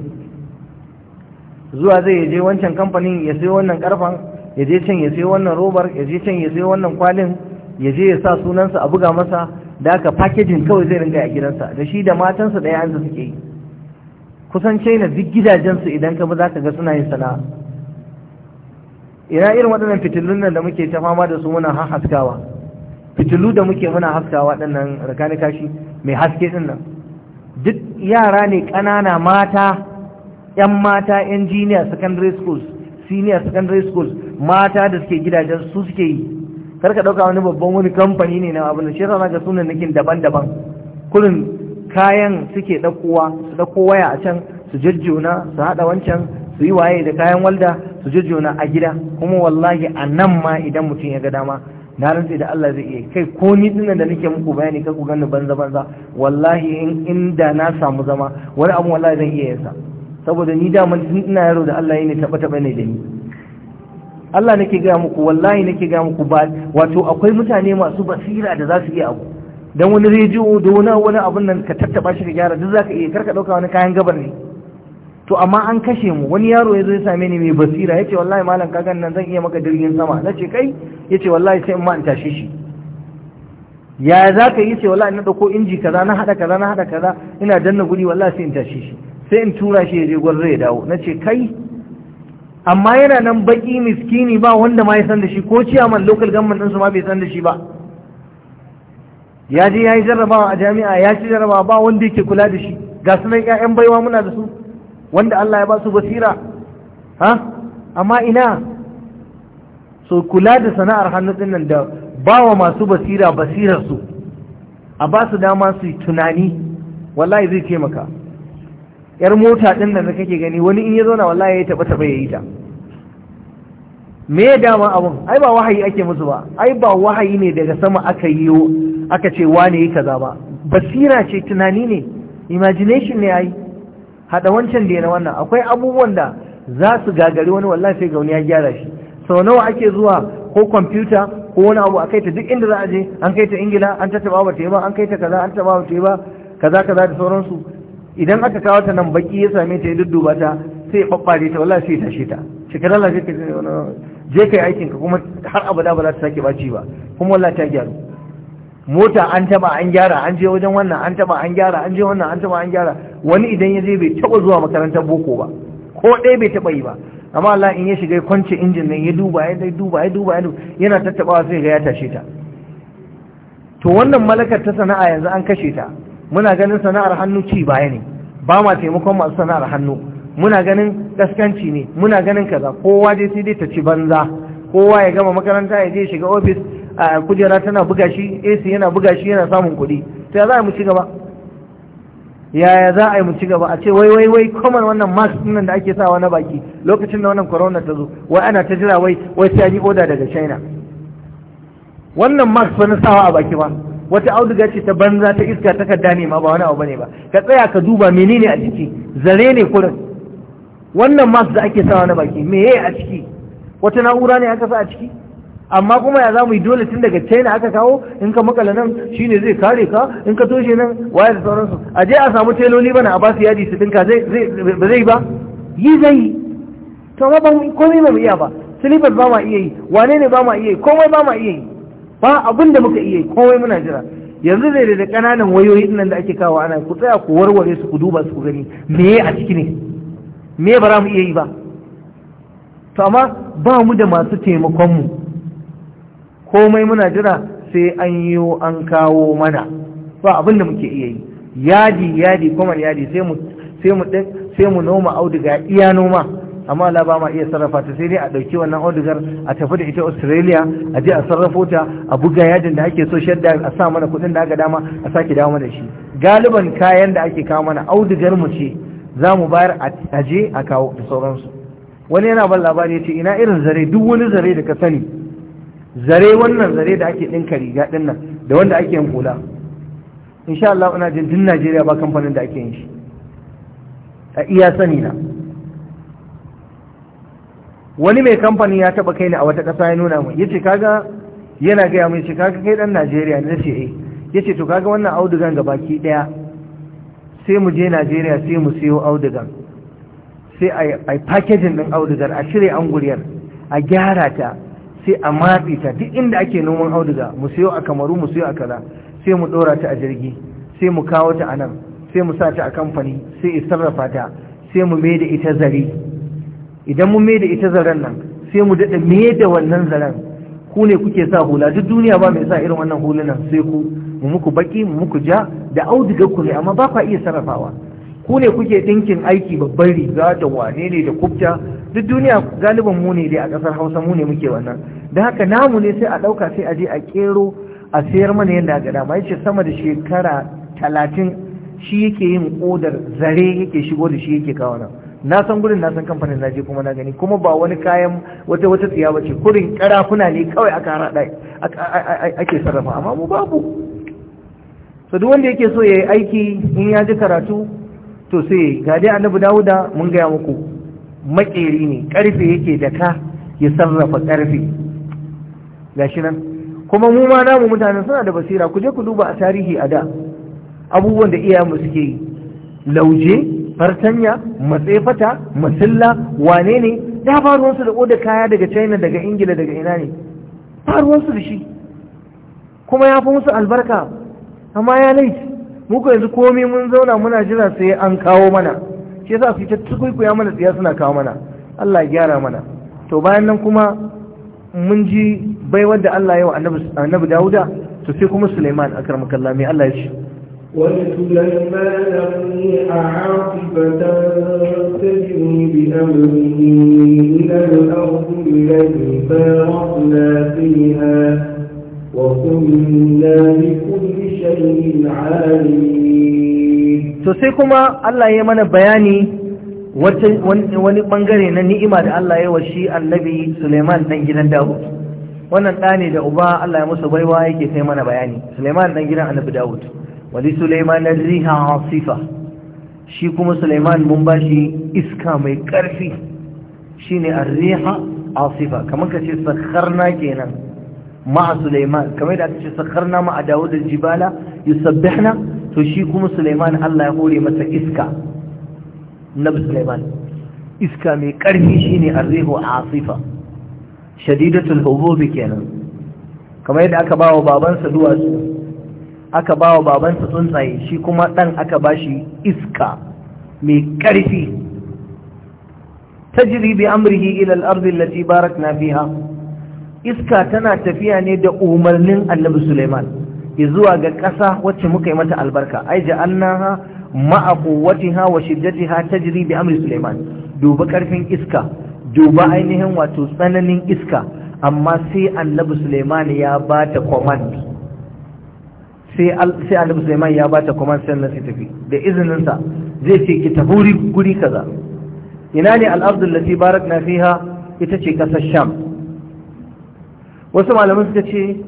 zuwa zai je wancan kamfanin ya sayo wannan karfan ya je can ya sayo wannan robar ya je can ya sayo wannan kwalin ya je ya sa sunansa a buga masa da aka packaging kawai zai ringa a gidansa da shi da matansa ɗaya an suke yi kusan china duk gidajensu idan ka bi za ka ga suna yin sana'a ina irin waɗannan fitilun nan da muke ta fama da su muna haskawa fitilu da muke muna haskawa ɗannan rakani kashi mai haske ɗin nan duk yara ne ƙanana mata 'yan mata engineer secondary schools senior secondary schools mata da suke gidajen su suke yi karka ɗauka wani babban wani kamfani ne na abin da shi rana ga sunan nakin daban-daban kullum kayan suke ɗakowa su ɗauko waya a can su jajjuna su haɗa wancan su yi waye da kayan walda su jajjuna a gida kuma wallahi a nan ma idan mutum ya ga dama na rantse da Allah zai iya kai ko ni dinnan da nake muku bayani kai ku gani banza banza wallahi in inda na samu zama wani abu wallahi zan iya yasa saboda ni da man ina yaro da Allah ne taba taba ne da ni Allah nake ga muku wallahi nake ga muku ba wato akwai mutane masu basira da za su iya abu don wani rediyo da wani wani abun nan ka tattaba shi ka gyara duk zaka iya karka dauka wani kayan gabar ne to amma an kashe mu wani yaro ya zo ya same ni mai basira yace wallahi malam kagan nan zan iya maka jirgin sama nace kai yace wallahi sai in ma in tashi shi ya za ka yi ce wallahi na dauko inji kaza na hada kaza na hada kaza ina danna guri wallahi sai in tashi shi sai in tura shi ya je gwarzo zai dawo nace kai amma yana nan baki miskini ba wanda ma ya san da shi ko ciyaman local government din su ma bai san da shi ba ya je ya yi jarrabawa a jami'a ya ci jarrabawa ba wanda yake kula da shi ga sunan 'ya'yan baiwa muna da su wanda Allah ya ba su basira ha amma ina so kula da sana'ar hannu din nan da ba wa masu basira basirar su a ba su dama su tunani wallahi zai taimaka yar mota din nan da kake gani wani in ya zauna wallahi ya taba taba yi ta me ya dama abun ai ba wahayi ake musu ba ai ba wahayi ne daga sama aka yi aka ce wane yi kaza ba basira ce tunani ne imagination ne ai hada wancan da na wannan akwai abubuwan da za su gagari wani wallahi sai gauni ya gyara shi sau nawa ake zuwa ko kwamfuta ko wani abu a kai ta duk inda za a je an kai ta ingila an ta taba ba ta ba an kai ta kaza an taba ba ta ba kaza kaza da sauransu idan aka kawo ta nan baki ya same ta ya dudduba ta sai ya babbare ta wallahi sai ta shi ta shekarar lafiya ta je kai aikin ka kuma har abada ba za ta sake baci ba kuma wallahi ta gyaru mota an taba an gyara an je wajen wannan an taba an gyara an je wannan an taba an gyara wani idan ya je bai taba zuwa makarantar boko ba ko ɗaya bai taba yi ba amma Allah in ya shiga ya kwance injin nan ya duba ya duba ya duba ya duba yana tattabawa sai ga ya tashe ta to wannan malakar ta sana'a yanzu an kashe ta muna ganin sana'ar hannu ci baya ne ba ma taimakon masu sana'ar hannu muna ganin gaskanci ne muna ganin kaza kowa dai sai dai ta ci banza kowa ya gama makaranta ya je shiga ofis a kujera tana buga shi AC yana buga shi yana samun kuɗi sai za a mu ci gaba yaya za a yi mu ci gaba a ce wai wai wai kamar wannan mask nan da ake sawa na baki lokacin da wannan corona ta zo wai ana ta jira wai wai sai yi oda daga China wannan mask ba na sawa a baki ba wata auduga ce ta banza ta iska takarda ne ma ba wani abu bane ba ka tsaya ka duba menene a jiki zare ne kurin wannan mask da ake sawa na baki me yayi a ciki wata na'ura ne aka sa a ciki amma kuma ya zamu yi dole tun daga China aka kawo in ka makala nan shine zai kare ka in ka toshe nan waya da sauransu a je a samu teloli bana a ba su yadi su dinka zai ba zai ba yi zai to amma ba komai ba mu iya ba silifas ba ma iya yi wane ne ba ma iya yi komai ba ma iya yi ba abin muka iya yi komai muna jira yanzu zai da kananan wayoyi nan da ake kawo ana ku tsaya ku warware su ku duba su gani me a ciki ne me ba mu iya yi ba to amma ba mu da masu taimakonmu komai muna jira sai an yi an kawo mana ba abin da muke iya yi yadi yadi kuma yadi sai mu noma auduga iya noma amma Allah ba ma iya sarrafa ta sai dai a ɗauki wannan audugar a tafi da ita Australia a je a sarrafo ta a buga yadin da ake so shadda a sa mana kuɗin da aka dama a sake dawo mana shi galiban kayan da ake kawo mana audugar mu ce za mu bayar a je a kawo da sauransu wani yana ban labari ya ce ina irin zare duk wani zare da ka sani zare wannan zare da ake ɗinka riga ɗin nan da wanda ake yin kula. insha Allah ina jin duk Najeriya ba kamfanin da ake yin shi a iya sani na wani mai kamfani ya taba kai ni a wata ƙasa ya nuna mu yace kaga yana gaya mai ce kaga kai dan Najeriya ne ce eh yace to kaga wannan audugan gabaki daya sai mu je najeriya sai mu siyo audugan sai a yi packaging ɗin audugar a shirya guriyar a gyara ta sai a matsi ta duk inda ake noman auduga mu siyo a kamaru mu siyo a kaza sai mu ɗora ta a jirgi sai mu kawo ta a nan sai mu sa ta a kamfani sai sarrafa ta sai mu mai da ita zare idan mu mai da ita zaren nan sai mu daɗa mai da wannan zaren ku ne kuke sa hula duk duniya ba mai sa irin wannan hulunan sai ku mu muku baki mu muku ja da auduga ku ne amma ba ku iya sarrafawa ku ne kuke dinkin aiki babban riga da wane ne da kubta duk duniya galiban mu ne dai a kasar Hausa mu ne muke wannan dan haka namu ne sai a ɗauka sai a je a kero a sayar mana yanda ga dama ce sama da shekara talatin shi yake yin ƙodar zare yake shigo da shi yake kawo nan na san gurin na san kamfanin naje kuma na gani kuma ba wani kayan wata wata tsiya ce. kurin ƙarafuna ne kawai aka haɗa ake sarrafa amma mu babu so duk wanda yake so ya yi aiki in ya ji karatu to sai ga dai annabi dawuda mun gaya muku makeri ne ƙarfe yake da ka ya sarrafa ƙarfe. Ga shi nan kuma mu ma namu mutanen suna da basira ku je ku duba a tarihi a da abubuwan da iyayenmu suke yi lauje fartanya matsefata masilla wane ne da faruwansu da oda kaya daga china daga ingila daga ina ne faruwansu da shi kuma ya fi musu albarka amma ya laifi muku yanzu komai mun zauna muna jira sai an kawo mana shi yasa su ta ya mana tsiya suna kawo mana Allah ya gyara mana to bayan nan kuma mun ji bai wanda Allah ya wa annabi Dawuda to sai kuma Sulaiman akramakallah mai Allah ya ce
ولسليمان الريح عاصفة تجري بأمره إلى الأرض التي باركنا فيها وكنا
to sai kuma Allah ya mana bayani wani bangare na ni'ima da Allah ya wa shi annabi Suleiman dan gidan Dawud wannan da da uba Allah ya musu baiwa yake kai mana bayani Suleiman dan gidan annabi Dawud wali Suleiman riha asifa shi kuma Suleiman mun bashi iska mai karfi shine ar-riha asifa kamar kace sakharna kenan ma'a Sulaiman kamar da aka ce sakharna ma'a Dawud al-jibala yusabbihna to shi kuma Sulaiman Allah ya hore masa iska Nabi Sulaiman iska mai karfi shine arrihu asifa shadidatul hububi kenan kamar yadda aka bawa babansa duwatsu aka bawa babansa tsuntsaye shi kuma ɗan aka bashi iska mai karfi tajri bi amrihi ila iska tana tafiya ne da umarnin annabi Suleiman zuwa ga ƙasa wacce muka yi mata albarka ai ja'alnaha ma'a quwwatiha wa shiddatiha tajri bi amri Suleiman duba ƙarfin iska duba ainihin wato tsananin iska amma sai annabi Suleiman ya ba ta command sai annabi Suleiman ya ba ta command sai sai tafi da izinin sa zai ce ki tafi guri kaza ina ne al ardh allati barakna fiha ita ce kasar Sham wasu malaman suka ce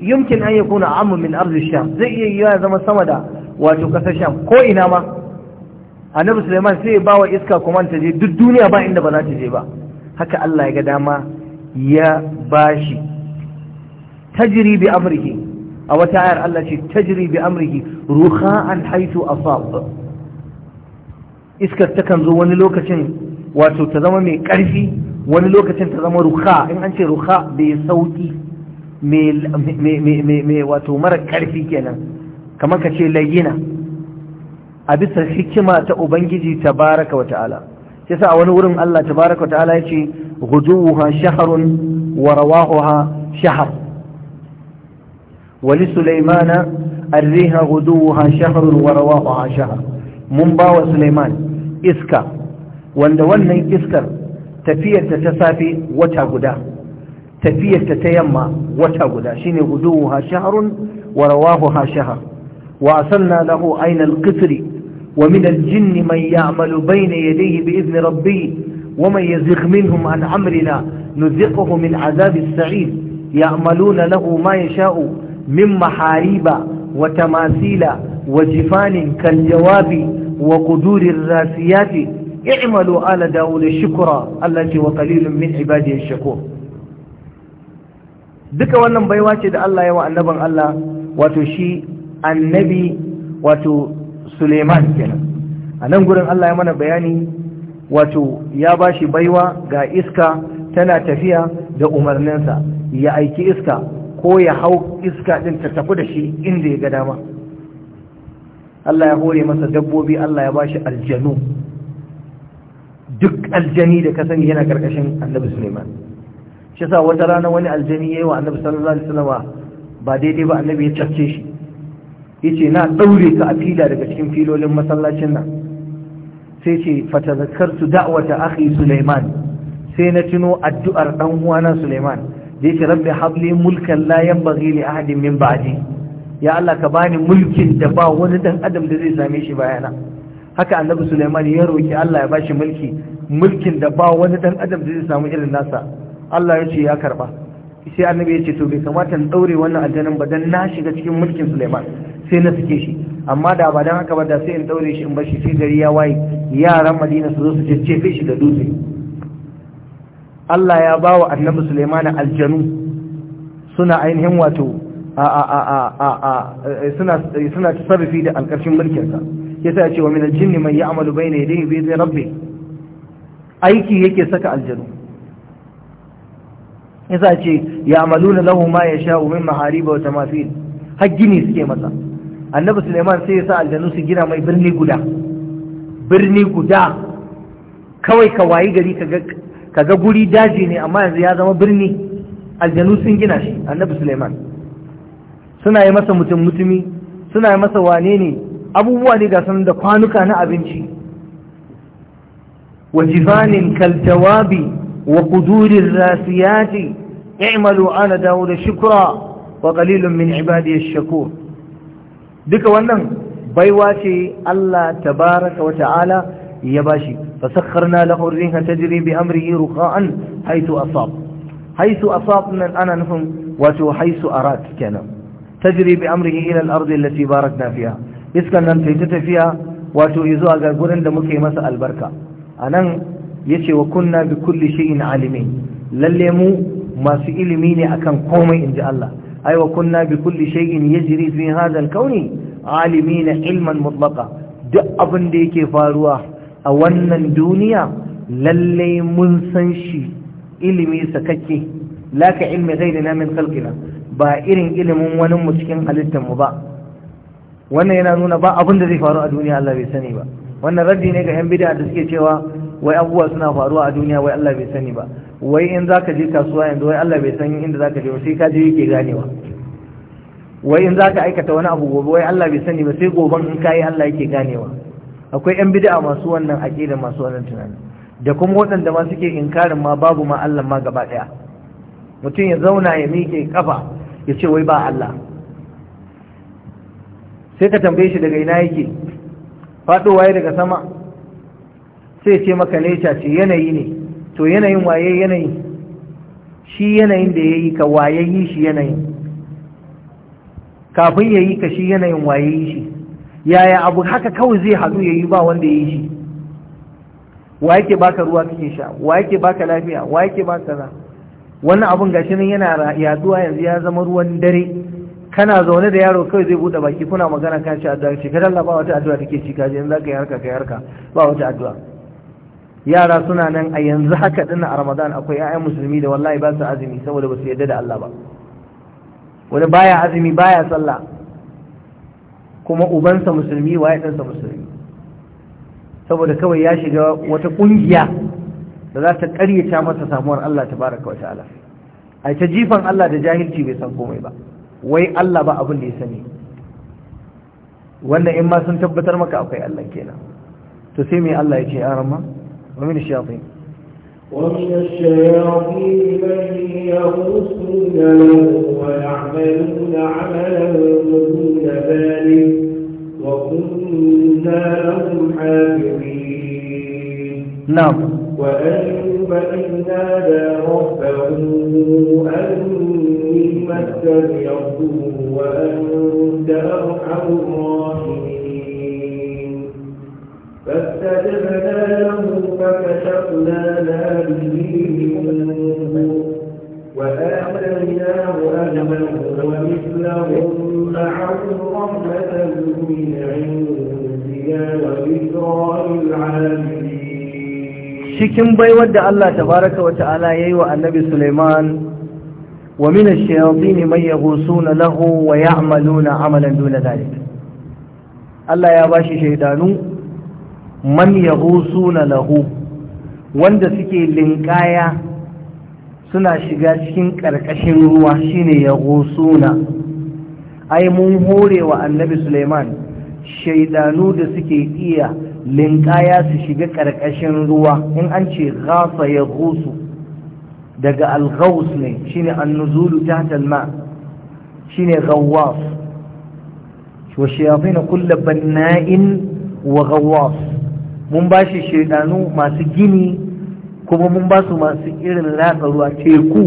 yumkin an a amma min arzi sham zai iya yiwa zama sama da wato kasar sham ko ina ma annabi suleiman sai ya bawa iska kuma ta je duk duniya ba inda ba za ta je ba haka Allah ya ga dama ya bashi tajri bi Amurki, a wata ayar Allah ce tajri bi ruha ruha'an haitu asab iskar takan zo wani lokacin wato ta zama mai ƙarfi wani lokacin ta zama ruha in an ce ruka bai sauki mai wato mara ƙarfi kenan kamar ka ce layina a bisa hikima ta ubangiji tabaraka wa ta'ala sa a wani wurin Allah tabaraka wa ta'ala yace ghuduha shahrun wa rawahuha shahr wa li sulaymana arriha ghuduha shahrun wa ha shahar, mun ba wa iska wanda wannan iskar tafiyarta ta safe wata guda tafiyarta ta yamma wata guda shine guduhu ha shahrun wa rawahu ha shahr wa asanna lahu ayna al qisri wa min al-jinn man ya'malu bayna yadayhi bi idhni rabbih ومن يزغ منهم عن أمرنا نذقه من عذاب السعيد يعملون له ما يشاء من محاريب وتماثيل وجفان كالجواب وقدور rasiyati اعملوا ala dawud shukra Allah ce wa qalilun min duka wannan baiwa ce da Allah ya wa annaban Allah wato shi annabi wato Suleiman kenan a gurin Allah ya mana bayani wato ya bashi baiwa ga iska tana tafiya da umarninsa ya aiki iska ko ya hau iska din ta tafi da shi inda ya ga dama Allah ya hore masa dabbobi Allah ya bashi aljanu duk aljani da ka sani yana karkashin annabi Suleiman shi sa wata rana wani aljani yayi wa annabi sallallahu alaihi ba daidai ba annabi ya cafce shi yace na ɗaure ka a fila daga cikin filolin masallacin nan sai ce su da'wata akhi Suleiman sai na tuno addu'ar dan uwana Suleiman da yake rabbi habli mulkan la yanbaghi li ahadin min ba'di ya Allah ka bani mulkin da ba wani dan adam da zai same shi bayana haka annabi Suleiman ya roki Allah ya bashi mulki mulkin da ba wani dan adam zai samu irin nasa Allah ya ce ya karba sai annabi ya ce to bai kamata in daure wannan aljanin ba dan na shiga cikin mulkin Suleiman sai na sake shi amma da ba dan haka ba da sai in daure shi in bar shi sai gari ya waye yaran Madina su zo su jejjefe shi da dutse Allah ya bawa annabi suleiman aljanu suna ainihin wato a a a a suna suna tasarrufi da alƙarshin mulkinsa yasa ya ce wa minal jinni man ya'malu bayna yadayhi bi zai rabbe? aiki yake saka aljanu yasa ce ya'maluna lahu ma yasha'u min mahariba wa tamafil har gini suke masa annabi Suleiman sai ya sa aljanu su gina mai birni guda birni guda kawai ka wayi gari ka ga guri daji ne amma yanzu ya zama birni aljanu sun gina shi annabi Suleiman suna yi masa mutum mutumi suna yi masa wane ne abubuwa ne ga da kwanuka na abinci wa jifanin kaltawabi wa kudurin rasiyati i'malu dawo da shukra wa kalilun min ibadiyash shakur duka wannan baiwa ce Allah tabaraka wa ta'ala ya bashi fasakharna lahu ar-riha tajri bi amrihi ruqa'an haythu asab haythu asab nan ana nufin wato haythu arat kenan tajri bi amrihi ila al-ardi allati barakna fiha iskan nan ta yi ta tafiya wato zuwa ga gurin da muke masa albarka a nan ya ce wa kunna bi kulli shi'in alimin lalle mu masu ilimi ne akan komai inji Allah ai wa kunna bi kulli shay'in yajri fi hadha al-kawni alimin ilman mutlaqa duk abin da yake faruwa a wannan duniya lalle mun san shi ilimi sakakke laka ilmi ghayrina min khalqina ba irin ilimin wani mu cikin halittar mu ba wannan yana nuna ba abin da zai faru a duniya Allah bai sani ba wannan raddi ne ga yan bid'a da suke cewa wai abubuwa suna faruwa a duniya wai Allah bai sani ba wai in zaka je kasuwa yanzu wai Allah bai san inda zaka je sai ka je yake ganewa wai in zaka aikata wani abu gobe wai Allah bai sani ba sai goban in kai Allah yake ganewa akwai yan bid'a masu wannan aqida masu wannan tunani da kuma waɗanda ma suke inkarin ma babu ma Allah ma gaba daya mutum ya zauna ya miƙe kafa ya ce wai ba Allah sai ka tambaye shi daga ina yake faɗowa ya daga sama sai ce maka neca ce yanayi ne to yanayin waye yanayi shi yanayin da ya yi ka waye yi shi yanayin kafin ya yi ka shi yanayin waye yi shi yaya abu haka kawai zai haɗu ya yi ba wanda ya yi shi wa yake baka ruwa kake sha wa yake baka lafiya wa yake baka za wannan abun gashi nan yana yaduwa yanzu ya zama ruwan dare kana zaune da yaro kawai zai bude baki kuna magana kan shi addu'a ce kada Allah ba wata addu'a take ci kaje in zaka yarka harka kai yarka ba wata addu'a yara suna nan a yanzu haka din a Ramadan akwai ƴaƴan musulmi da wallahi ba su azumi saboda ba su yarda da Allah ba wani baya azumi baya sallah kuma ubansa musulmi waye ɗansa musulmi saboda kawai ya shiga wata kungiya da za ta ƙaryata masa samuwar Allah tabaraka wa ta'ala ai ta jifan Allah da jahilci bai san komai ba wai Allah ba abin da ya sani wannan in ma sun tabbatar maka akwai Allah kenan to sai me Allah yake ya rama wa min shayatin
ومن الشياطين من يغوصون له ويعملون عملا دون ذلك وكنا لهم حافظين نعم وأيوب إذ نادى ربه أني مسني الضر وأنت أرحم الراحمين فاستجبنا له فكشفنا ما به من وآتيناه أجمله ومثلهم معهم رحمة من عندنا وذكرى للعالمين
cikin baiwar da Allah tabaraka wa ta'ala yayi wa annabi Sulaiman wa min ash-shayatin man suna lahu wa ya'maluna 'amalan duna dhalik Allah ya bashi shaydanu man suna lahu wanda suke linkaya suna shiga cikin karkashin ruwa shine yahusuna ai mun hore wa annabi Sulaiman shaidanu da suke iya linƙaya su shiga ƙarƙashin ruwa in an ce gasa ya gusu daga alghaus ne shine annuzulu ta alma shine ghawwas wa shayatin kullu banna'in wa ghawwas mun bashi shaydanu masu gini kuma mun ba su masu irin ratsa ruwa teku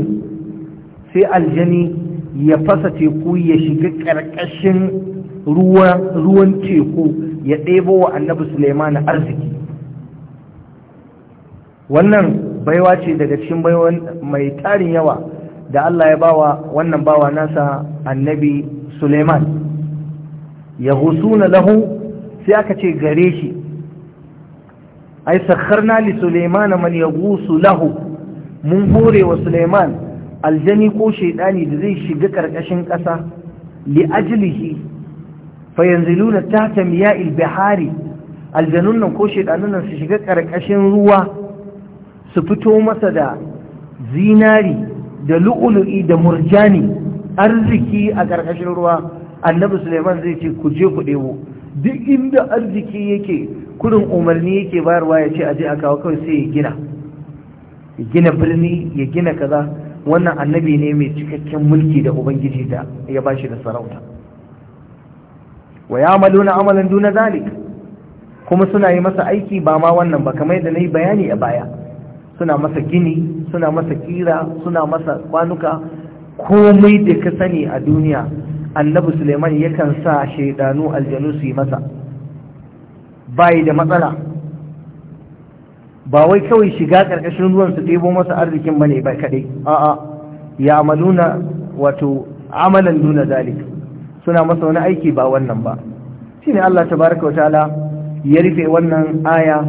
sai aljani ya fasa teku ya shiga ƙarƙashin ruwan teku ya ɗebo wa annabi suleiman arziki wannan baiwa ce daga cikin baiwan mai tarin yawa da Allah ya bawa wannan bawa nasa annabi suleiman ya husuna lahu sai aka ce gare shi ai sakharna li suleiman man yaghusu lahu mun hore wa suleiman aljani ko shaidani da zai shiga karkashin ƙasa li ajlihi fayanziluna tahta miya'il bihari aljanun nan ko shedanun nan su shiga karkashin ruwa su fito masa da zinari da lu'ulu'i da murjani arziki a karkashin ruwa annabi suleiman zai ce ku je ku ɗebo duk inda arziki yake kurin umarni yake bayarwa ya ce aje a kawo kawai sai ya gina ya gina birni ya gina kaza wannan annabi ne mai cikakken mulki da ubangiji da ya bashi da sarauta wa ya'maluna amalan duna zalik kuma suna yi masa aiki ba ma wannan ba kamar na yi bayani a baya suna masa gini suna masa kira suna masa kwanuka komai da ka sani a duniya annabi suleiman yakan sa shaidanu aljanu su yi masa bayi da matsala ba wai kawai shiga karkashin ruwan su ɗebo masa arzikin bane ba kaɗai a'a ya wato amalan duna zalik suna masa wani aiki ba wannan ba shine Allah tabaraka wa ta'ala ya rufe wannan aya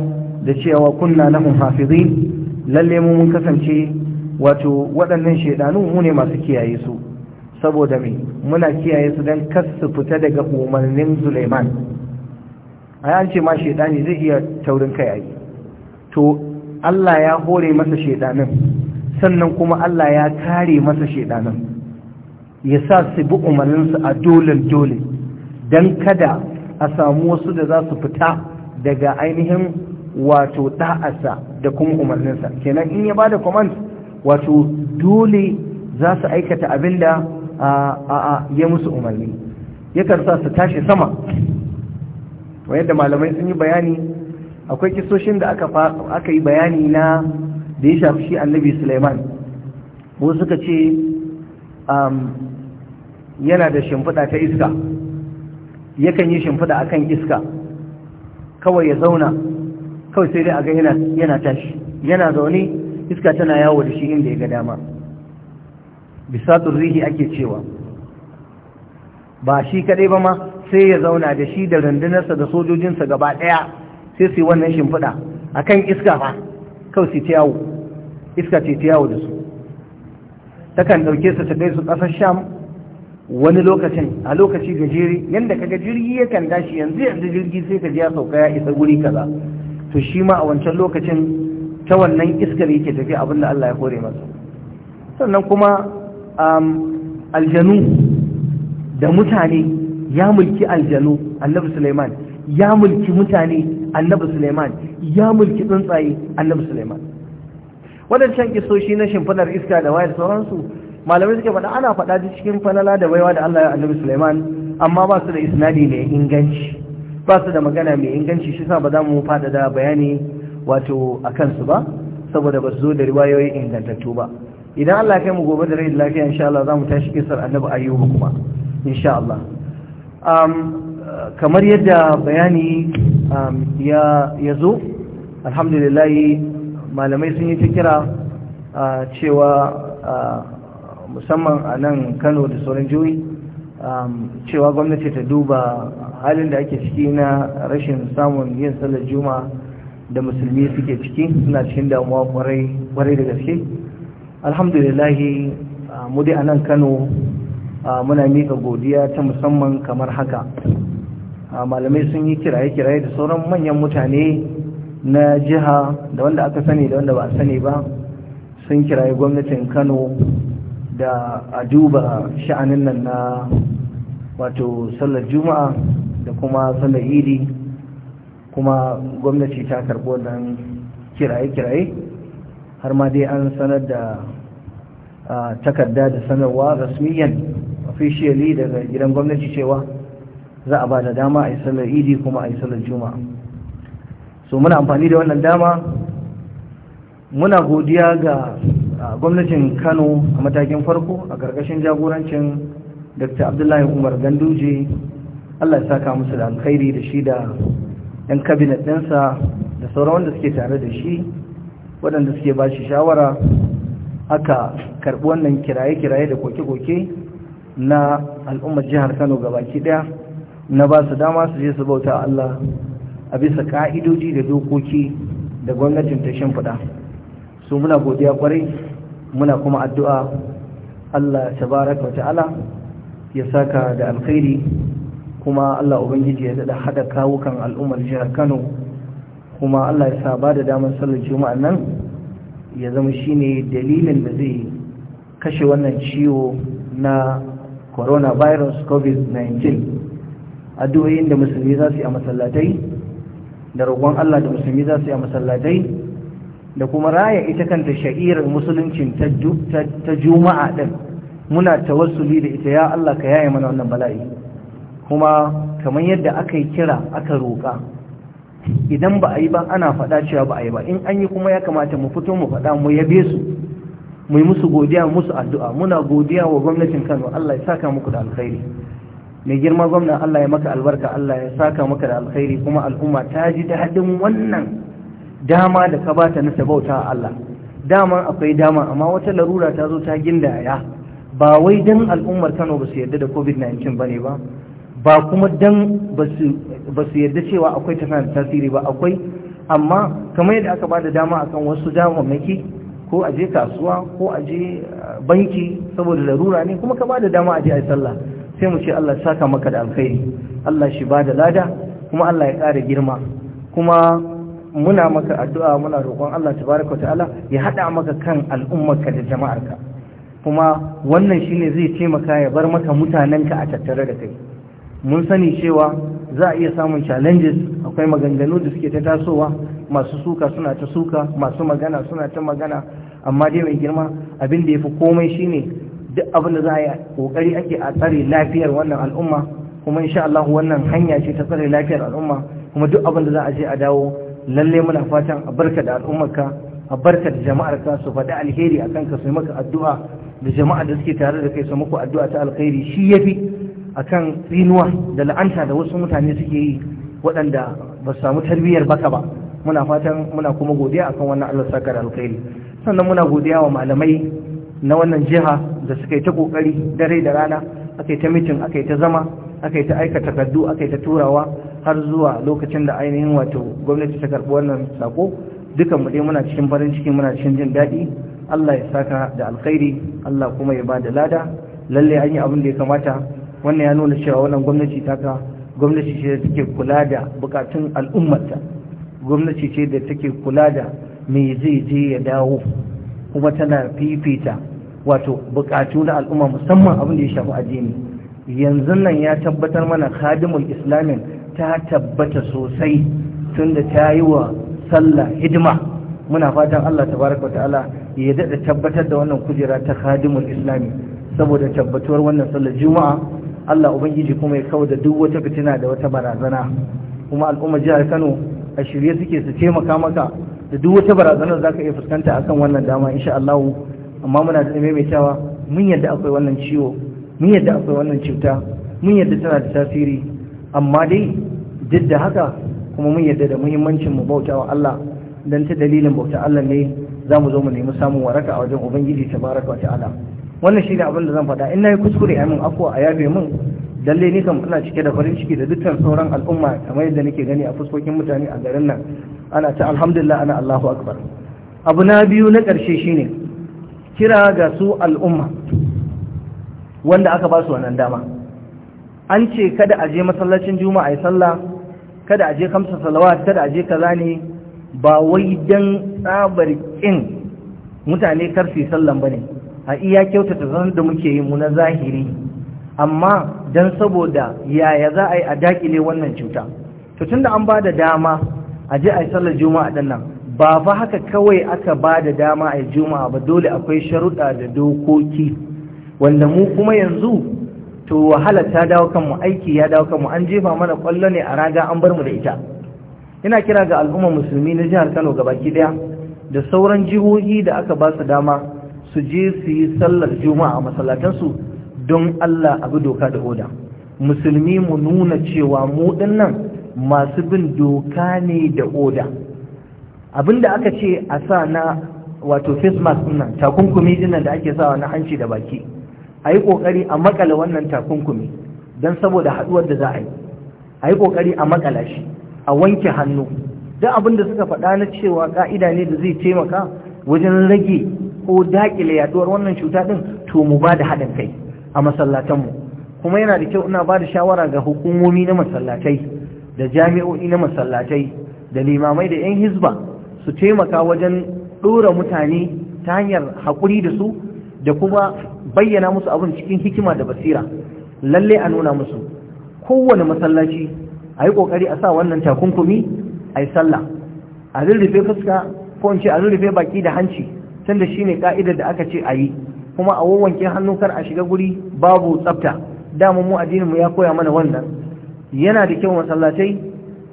da cewa kunna lahum hafizin lalle mu mun kasance wato waɗannan shedanu mu ne masu kiyaye su saboda me muna kiyaye su dan kasu fita daga umarnin Sulaiman ai an ce ma shedani zai iya taurin kai ai to Allah ya hore masa shedanin sannan kuma Allah ya kare masa shedanin ya sa su bi umarninsu a dole-dole don kada a samu wasu da za su fita daga ainihin wato da'asa da kuma umarninsa kenan in ya ba da command wato dole za su aikata abin da ya musu umarni ya sa su tashi sama wa yadda malamai sun yi bayani akwai kisoshin da aka yi bayani na da ya shafi shi annabi suleiman wasu suka ce um, yana da shimfiɗa ta iska yakan yi shimfiɗa a kan iska kawai ya zauna kawai sai dai a ga yana tashi yana zaune iska tana yawo da shi inda ya ga dama bisatun rihi ake cewa ba shi kaɗai ba ma sai ya zauna da shi da rundunarsa da sojojinsa gaba ɗaya sai su yi wannan shimfiɗa a kan iska ba kawai su ta yawo iska ce ta yawo da su takan ɗauke su ta kai su ƙasar sham wani lokacin a lokaci gajere yadda kaga jirgi ya kan tashi yanzu yanzu jirgi sai ka ya sauka ya isa guri kaza to shi ma a wancan lokacin ta wannan iskar yake tafi abin da Allah ya kore masa sannan kuma aljanu da mutane ya mulki aljanu annabi Suleiman, ya mulki mutane annabi Suleiman, ya mulki tsuntsaye annabi Suleiman. wadancan kisoshi na shimfidar iska da wayar sauransu malamai suke faɗa ana faɗa cikin falala da baiwa da Allah ya annabi Sulaiman amma ba su da isnadi mai inganci ba su da magana mai inganci shi sa ba za mu faɗa da bayani wato a kansu ba saboda ba su zo da riwayoyi ingantattu ba idan Allah ya kai mu gobe da rai da lafiya insha Allah za mu tashi kisar annabi ayyuba kuma insha Allah kamar yadda bayani ya zo alhamdulillah malamai sun yi ta kira cewa musamman a nan kano da sauran jihohi um, cewa gwamnati ta duba halin da ake ciki na rashin samun yin sallar juma da musulmi suke ciki suna cikin damuwa kwarai da gaske alhamdulillahi uh, mu dai a nan kano uh, muna mika godiya ta musamman kamar haka uh, malamai sun yi kiraye-kiraye da sauran manyan mutane na jiha da wanda aka sani da wanda ba a sani ba sun kiraye gwamnatin kano da a duba sha'anin nan na wato sallar juma'a da kuma sallar idi kuma gwamnati ta karɓo nan kiraye-kiraye har ma dai an sanar da takarda da sanarwa rasmiyan officially daga gidan gwamnati cewa za a ba da dama a yi sallar idi kuma a yi sallar juma'a so muna amfani da wannan dama muna godiya ga gwamnatin kano a matakin farko a ƙarƙashin jagorancin dr abdullahi umar ganduje allah ya saka musu da alkhairi da shi da 'yan kabinet ɗinsa da sauran wanda suke tare da shi waɗanda suke ba shi shawara aka karɓi wannan kiraye-kiraye da koke-koke na al'ummar jihar kano baki ɗaya na ba su dama su je su bauta allah a bisa ka'idoji da dokoki da gwamnatin ta shimfiɗa su muna godiya kwarai muna kuma addu'a Allah tabaraka wata'ala ya saka da alkhairi kuma Allah ubangiji ya dada haɗa kawukan al'ummar jihar Kano kuma Allah ya saba da damar sallar juma'a nan ya zama shine dalilin da zai kashe wannan ciwo na coronavirus covid-19 addu'oyin da musulmi za su yi a masallatai da roƙon Allah da musulmi za su yi a masallatai da kuma raya ita kanta sha'irar musuluncin ta juma'a ɗin muna tawassuli da ita ya Allah ka yaye mana wannan bala'i kuma kamar yadda aka yi kira aka roƙa idan ba a yi ba ana faɗa cewa ba a yi ba in an yi kuma ya kamata mu fito mu faɗa mu yabe su mu yi musu godiya musu addu'a muna godiya wa gwamnatin Kano Allah ya saka muku da alkhairi mai girma gwamna Allah ya maka albarka Allah ya saka maka da alkhairi kuma al'umma ta ji daɗin wannan dama da ka bata na ta bauta Allah dama akwai dama amma wata larura ta zo ta ginda ya, ba wai dan al'ummar Kano ba su yarda da COVID-19 bane ba ba kuma dan ba su yarda cewa akwai ta da tasiri ba akwai amma kamar yadda aka bada dama akan wasu damammaki ko a je kasuwa ko a je uh, banki saboda larura ne kuma ka bada dama a je a sallah sai mu ce Allah saka maka da alkhairi Allah shi ba da lada kuma Allah ya ƙara girma kuma muna maka addu'a muna roƙon Allah tabaraka ta'ala ya hada maka kan al'ummarka da jama'arka kuma wannan shine zai taimaka ya bar maka mutanenka a tattare da kai mun sani cewa za a iya samun challenges akwai maganganu da suke ta tasowa masu suka suna ta suka masu magana suna ta magana amma dai mai girma abin da ya fi komai shine duk abin da za a yi kokari ake a tsare lafiyar wannan al'umma kuma insha Allah wannan hanya ce ta tsare lafiyar al'umma kuma duk abin da za a je a dawo lalle muna fatan a barka da al'ummarka a barka da jama'arka su faɗi alheri a kanka su yi maka addu'a da jama'a da suke tare da kai su muku addu'a ta alheri shi ya fi a kan tsinuwa da la'anta da wasu mutane suke yi waɗanda ba su samu tarbiyyar baka ba muna fatan muna kuma godiya akan wannan Allah saka da alheri sannan muna godiya wa malamai na wannan jiha da suka yi ta kokari dare da rana aka yi ta mitin aka yi ta zama aka yi ta aika takardu aka yi ta turawa har zuwa lokacin da ainihin wato gwamnati ta karbi wannan sako dukan mu dai muna cikin farin ciki muna cikin jin daɗi Allah ya saka da alkhairi Allah kuma ya bada lada lalle an yi abin da ya kamata wannan ya nuna cewa wannan gwamnati ta ka gwamnati ce da take kula da bukatun al'ummarta gwamnati ce da take kula da me zai je ya dawo kuma tana fifita wato bukatu na al'umma musamman abin da ya shafi addini yanzu nan ya tabbatar mana khadimul islamin ta tabbata sosai tunda ta yi wa sallah hidima muna fatan Allah tabaraka ta'ala ya dada tabbatar da wannan kujera ta khadimul islami saboda tabbatuwar wannan sallar juma'a Allah ubangiji kuma ya kawo da duk wata fitina da wata barazana kuma al'ummar jihar Kano a shirye suke su taimaka maka da duk wata barazanar za ka iya fuskanta akan wannan dama insha Allah amma muna da maimaitawa mun yadda akwai wannan ciwo mun yadda akwai wannan cuta mun yadda tana da tasiri amma dai duk da haka kuma mun yadda da muhimmancin mu bauta wa Allah dan ta dalilin bauta Allah ne za mu zo mu nemi samun waraka a wajen ubangiji tabaraka wa ta'ala wannan shine abin da zan faɗa in nayi kuskure mun afwa a yabe mun dalle ni kam ina cike da farin ciki da dukkan sauran al'umma kamar yadda nake gani a fuskokin mutane a garin nan ana ta alhamdulillah ana Allahu akbar abu na biyu na ƙarshe shine kira ga su al'umma wanda aka ba su wannan dama an ce kada a je masallacin juma'a ya sallah kada a je kamsa salawat kada a je kaza ne ba wai dan tsabar kin mutane karfi sallan bane a iya kyautata zan da muke yi mu na zahiri amma dan saboda yaya za a yi a dakile wannan cuta to tunda an ba da dama a je a yi sallar juma'a din nan ba fa haka kawai aka ba da dama a yi juma'a ba dole akwai sharuɗa da dokoki wanda mu kuma yanzu to wahala ta dawo kanmu aiki ya dawo kan mu an jefa mana kwallo ne a raga an bar mu da ita ina kira ga al'umma musulmi na jihar Kano gabaki daya da sauran jihohi da aka ba su dama su je su yi sallar juma'a a masallatansu don Allah abu doka da oda musulmi mu nuna cewa mu nan masu bin doka ne da oda abinda aka ce a sa na wato face mask nan takunkumi dinnan da ake sawa na hanci da baki a yi ƙoƙari a makala wannan takunkumi don saboda haɗuwar da za a yi a yi ƙoƙari a makala shi a wanke hannu duk abin da suka faɗa na cewa ƙa'ida ne da zai taimaka wajen rage ko daƙile yaɗuwar wannan cuta ɗin to mu ba da haɗin kai a masallatanmu kuma yana da kyau ina ba da shawara ga hukumomi na masallatai da jami'o'i na masallatai da limamai da 'yan hizba su taimaka wajen ɗora mutane ta hanyar haƙuri da su da kuma bayyana musu abin cikin hikima da basira lalle a nuna musu kowane masallaci a yi ƙoƙari a sa wannan takunkumi a yi sallah a rurrufe fuska ko in ce a rurrufe baki da hanci tunda shi ne ka'idar da aka ce a yi kuma a wawanke hannu kar a shiga guri babu tsafta dama mu addinin mu ya koya mana wannan yana da kyau masallatai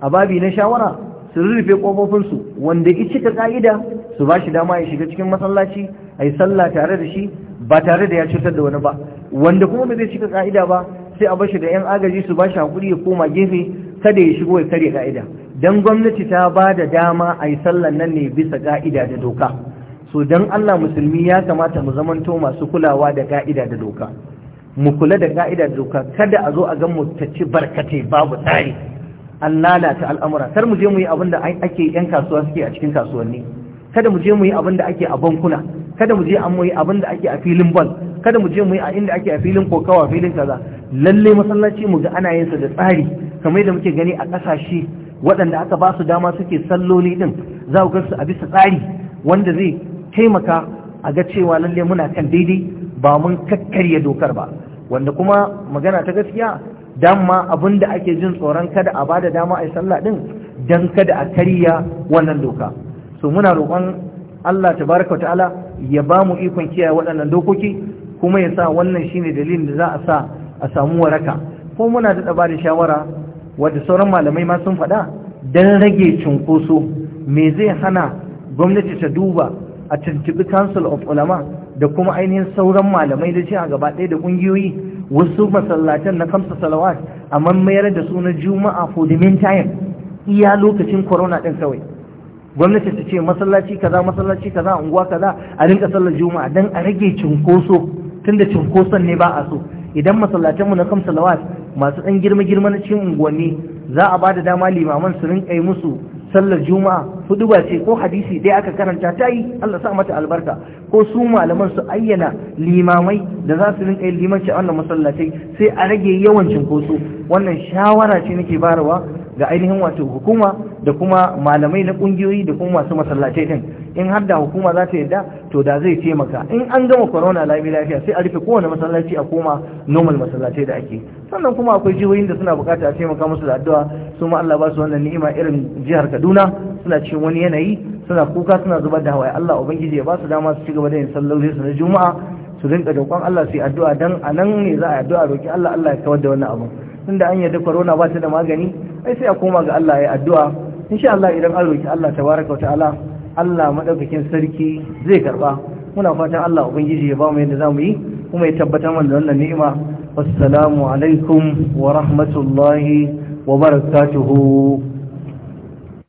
a babi na shawara su rurrufe kofofinsu wanda ya cika ka'ida su ba shi dama ya shiga cikin masallaci a yi sallah tare da shi ba tare da ya cutar da wani ba wanda kuma ba zai cika ka'ida ba sai a bashi da 'yan agaji su ba bashi hakuri ya koma gefe kada ya shigo ya karya ka'ida don gwamnati ta ba da dama a yi sallan nan ne bisa ka'ida da doka so don allah musulmi ya kamata mu zamanto masu kulawa da ka'ida da doka mu kula da ka'ida da doka kada a zo a ga mu ci barkate babu tsari an lalata al'amura kar mu je mu yi abin da ake yan kasuwa suke a cikin kasuwanni kada mu je mu yi abin da ake a bankuna kada mu je an mu yi abin da ake a filin bal kada mu je mu yi a inda ake a filin kokawa filin kaza lalle masallaci mu ga ana yin sa da tsari kamar yadda muke gani a kasashe waɗanda aka ba su dama suke salloli din za ku su a bisa tsari wanda zai taimaka a ga cewa lalle muna kan daidai ba mun kakkarya dokar ba wanda kuma magana ta gaskiya dama abin da ake jin tsoron kada a bada dama a yi sallah din dan kada a karya wannan doka so muna roƙon Allah tabaraka ta'ala ya ba mu ikon kiyaye waɗannan dokoki kuma ya sa wannan shine dalilin da za a sa a samu waraka ko muna da ba shawara wanda sauran malamai ma sun faɗa dan rage cunkoso me zai hana gwamnati ta duba a tuntubi council of ulama da kuma ainihin sauran malamai da jiha gaba ɗaya da ƙungiyoyi wasu masallatan na kamsa salawat amma mayar da su na juma'a for the meantime iya lokacin corona ɗin kawai gwamnati ta ce masallaci kaza masallaci kaza unguwa kaza a rinka sallar juma'a dan a rage cinkoso tunda cinkoson ne ba a so idan masallatan mu na kam salawat masu dan girma girma na cikin unguwanni za a bada dama limaman su rinka yi musu sallar juma'a hudu ba ce ko hadisi dai aka karanta ta yi Allah sa mata albarka ko su malaman su ayyana limamai da za su rinka yin limanci a wannan masallatai sai a rage yawan cinkoso wannan shawara ce nake barawa ga ainihin wato hukuma da kuma malamai na ƙungiyoyi da kuma masu masallatai din in har da hukuma za ta yadda to da zai taimaka in an gama corona lami lafiya sai a rufe kowane masallaci a koma normal masallatai da ake sannan kuma akwai jihohin da suna bukata a taimaka musu da addu'a su ma Allah ba su wannan ni'ima irin jihar Kaduna suna cikin wani yanayi suna kuka suna zubar da hawaye Allah ubangiji ya ba su dama su ci gaba da yin sallolin su na juma'a su rinka roƙon Allah su yi addu'a dan a nan ne za a yi addu'a roƙi Allah Allah ya kawar da wannan abu tunda an yarda corona ba ta da magani ai sai a koma ga Allah ya yi addu'a insha Allah idan an roƙi Allah tabaraka ta'ala. Allah madaukakin sarki zai karba muna fatan Allah ubangiji ya ba mu yadda zamu yi kuma ya tabbatar mana da wannan ni'ima wassalamu alaikum wa rahmatullahi wa barakatuhu